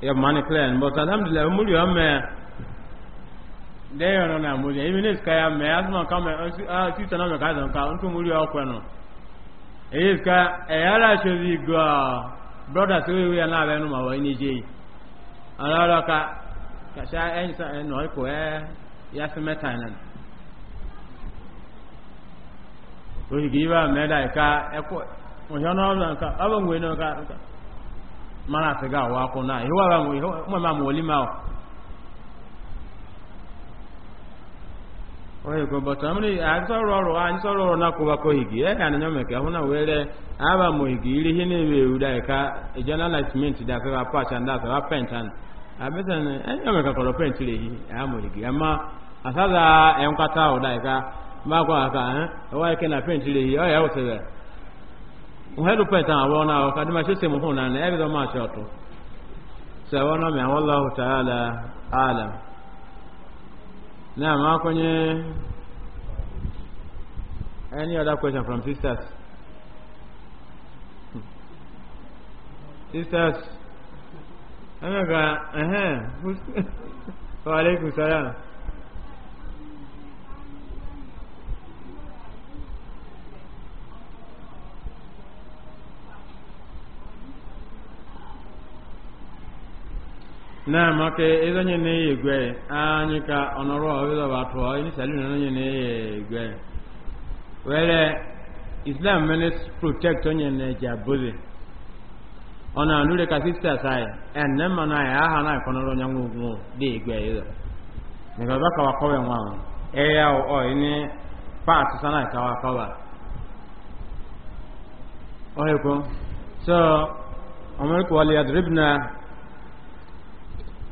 ya mani clean but alhamdulillah muri wa me de yo na muri even is kaya me asma kama ah si tana me kaza ka untu muri wa kwano e is ka e ala shezi go brother so we na ba no ma wa ni je ara ala ka ka sha en eh, sa en eh, no ko e eh, ya se meta nan so gi ba me dai ka e ko mo oh, jona ka aba ngwe no ka mara afega awa akwụ na ihewa ba nwe mwe ma mwoli ma oye ko bọtọ amri asọrọ ọrụ anyị sọrọ ọrụ na kụwa ko igi e ya nyo meke hụ na were aba mo igi iri ihe na ewe ewu dai ka ejana na cement da ka patch and that ka paint and abesa ne enyo meke kọrọ paint le hi ya mo igi ama asaza enkwata ọ dai ka ma kwa ka eh wa ke na paint le hi o ya o tebe uhedu pɛnta awɔ na awɔ kadima sese mu hona na ɛbi dɔ maa kyɛ ɔto sɛ ɛwɔ na mi awɔ lɔhu taala alam na maa kɔnye any other question from sisters hmm. sisters ɛnɛ ka ɛhɛn eh, eh. waaleykum salaam. na maka ịza nye na eyi egwe anyị ka ọnọrọ ọbịdọba tụọ ịnị sali na nye na eyi egwe were islam menes protect onye na eji abụzi ọ na anụre ka sisters anyị enne mma na anyị aha na akọnọrọ onye nwa ugwu dị egwe ịza nke ọba kawa kọwa nwa ahụ eya ọ ịnị paatị sana kawa kọwa ọ hekwu so ọmụrụ kọwa liyadribna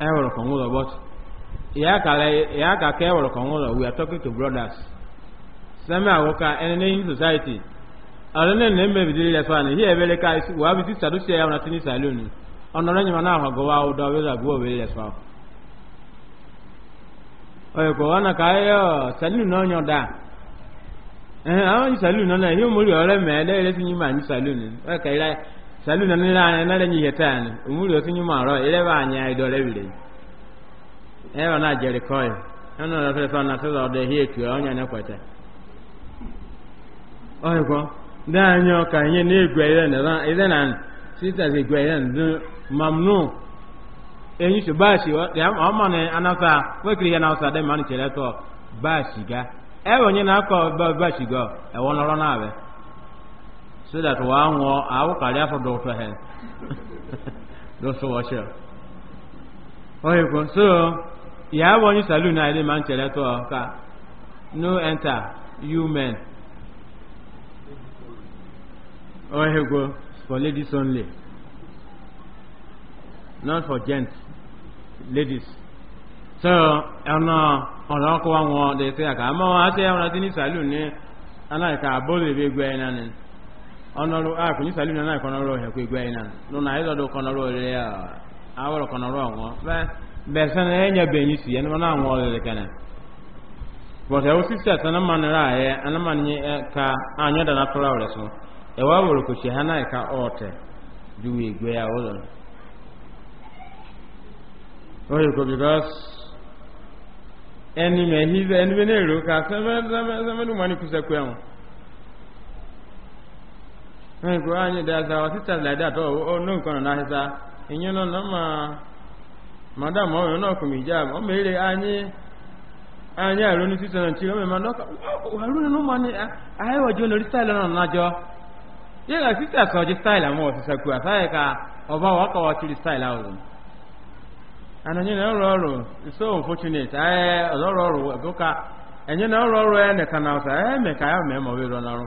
ɛwɔrɔ ka wolo e ìyá kàlẹ ìyá kàkẹ ɛwɔrɔ kɔn we are talking to brothers sɛmɛ àwòká ɛni ní society ọ̀rọ̀ ní ní mẹ́bi délé lẹ́fọ́ àná yíyẹ bẹ́lẹ́ ká wàá bi ti sàdúsì ẹ̀yà wọn àti ní sàlónì ọ̀nà ọ̀rọ̀ nyìmọ̀ náà àgọ́ wa ọ̀dọ̀ wẹ́lẹ́ àgọ́ wẹ́lẹ́ lẹ́fọ́. ọ̀yẹ̀kọ̀ wọn kà á yọ sàlù náà yàn dá ẹ̀hìn àwọn sàlù náà mú rí ní salu na nila anyị nale nyi hetani umuri otu ro ile ba anya idole bile ewa na jeri koy ono e na pele sana sasa ode hie tu e na kwata oy ko da ka nye ne egwe ile na ran ile na sisters egwe ile na mamnu enyi so ya ne anasa ya na osa de man chere to ga ewa nye na ko bashi go e na abe so that one ŋɔ awo kari afọ dɔgɔtɔ hɛ so wɔ sɛ so yàá wɔ salu náà ɛdi máa ń tẹ̀lé tó ká no enter you men oye for ladies only not for gents ladies so ɛnɔ ɔlọ́kọ̀ wa ŋɔ de ṣe àkàmọ́ àti ẹ̀rọ ti ní salu ní aláìka abóde bí gbẹ́ náà ni. ọnọrụ a kwenye sali na naanị kọnọrọ kwa igwe na nụ na ịzọdụ kọnọrọ orire ya awọrọ kọnọrọ ọnwụ bẹsẹ na ẹnyẹ bẹnyi si ya wọn náà anwụ ọlẹlẹ kẹnẹ bọtẹ ẹwọ ẹsẹ ayẹ anyọ dana tọrọ so ha na igwe ya ọlọ ọyọ kò because ẹni mẹ ẹni ẹni bẹ ní èrò sẹmẹ sẹmẹ sẹmẹ in Quran there's our sisters like that oh no kono na hisa ma madam oh no ọ mere anyi anyi aro ni sister na me ma no haru no ma ni na na jo ye la sister so ji style asa ka oba wa ka wa chiri style awu na ọrụ ọrụ so unfortunate ọrụ ọrụ e e na ọrụ ọrụ ya na sa e, ka ya ọ bụ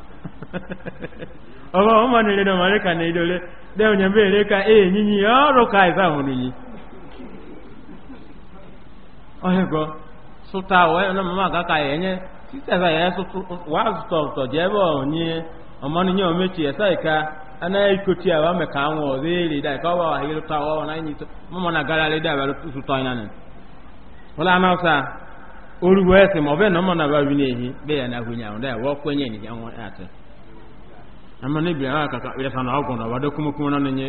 na oba omanire na neidole de onyambeereka enyinyi yorokaisa hununyi oyego suta wena mama kaka yenye sisasa yesu wazutɔtɔ jɛbɔ onye ɔmɔnuyɛ omechi ɛsɛ ika anayi koti a wame ka ŋɔ ɔzeeli da ika ɔba wahiri ta ɔba wana enyi mɔmɔ na gara ale da abɛ tutɔ ina ne wala anasa oruwe ese ma ọ na ọma na-aba bi ehi be ya na-ahụnye ahụ dịka ọ kwenye enyi ya nwa atị ama n'ebi ahụ kaka ya sana ọgwụ na ọbado kumukumu na nenye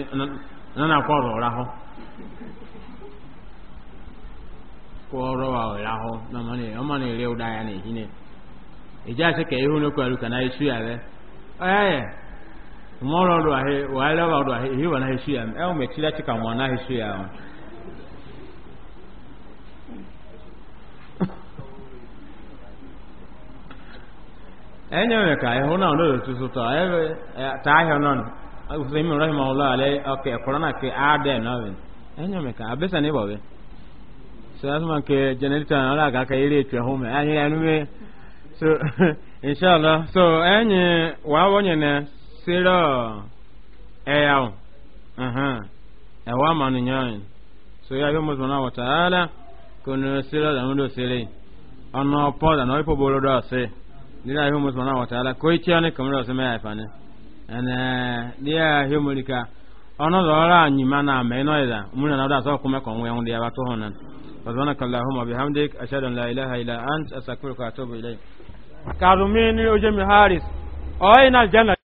na na-akwa ọrụ ọrụ ahụ kwa ọrụ wa ọrụ ahụ na ọma na ọma na-ere ụda ya n'ehi ne eji asị ka ihu n'okwu alụ ka na esu ya bụ ọya ya mụọrọ ọrụ ahụ wàhálà ọrụ ahụ ehi wa na esu ya bụ e, ẹ ọ mechiri achị ka mụọ na esu ya bụ enyewe ka ihe na lo tutu to e ta ahia non usaimin rahimahullah alai ok corona ke ade na we enyewe ka abesa so ke na ka ire so inshallah so enye wa wonye ne sero eya aha so ya yomo zona wa taala kono sero da ndo sere lila hiyo mwezi mwana wataala koi chani kamera wasema ya ifane ene uh, lia hiyo mulika ono zola nyima na meno ida muna na udaso kuma kwa mwe ngundi ya watu hona subhanak allahumma bihamdik ashhadu an la ilaha illa ant astaghfiruka wa atubu ilayk karumini ujemi haris oina aljanna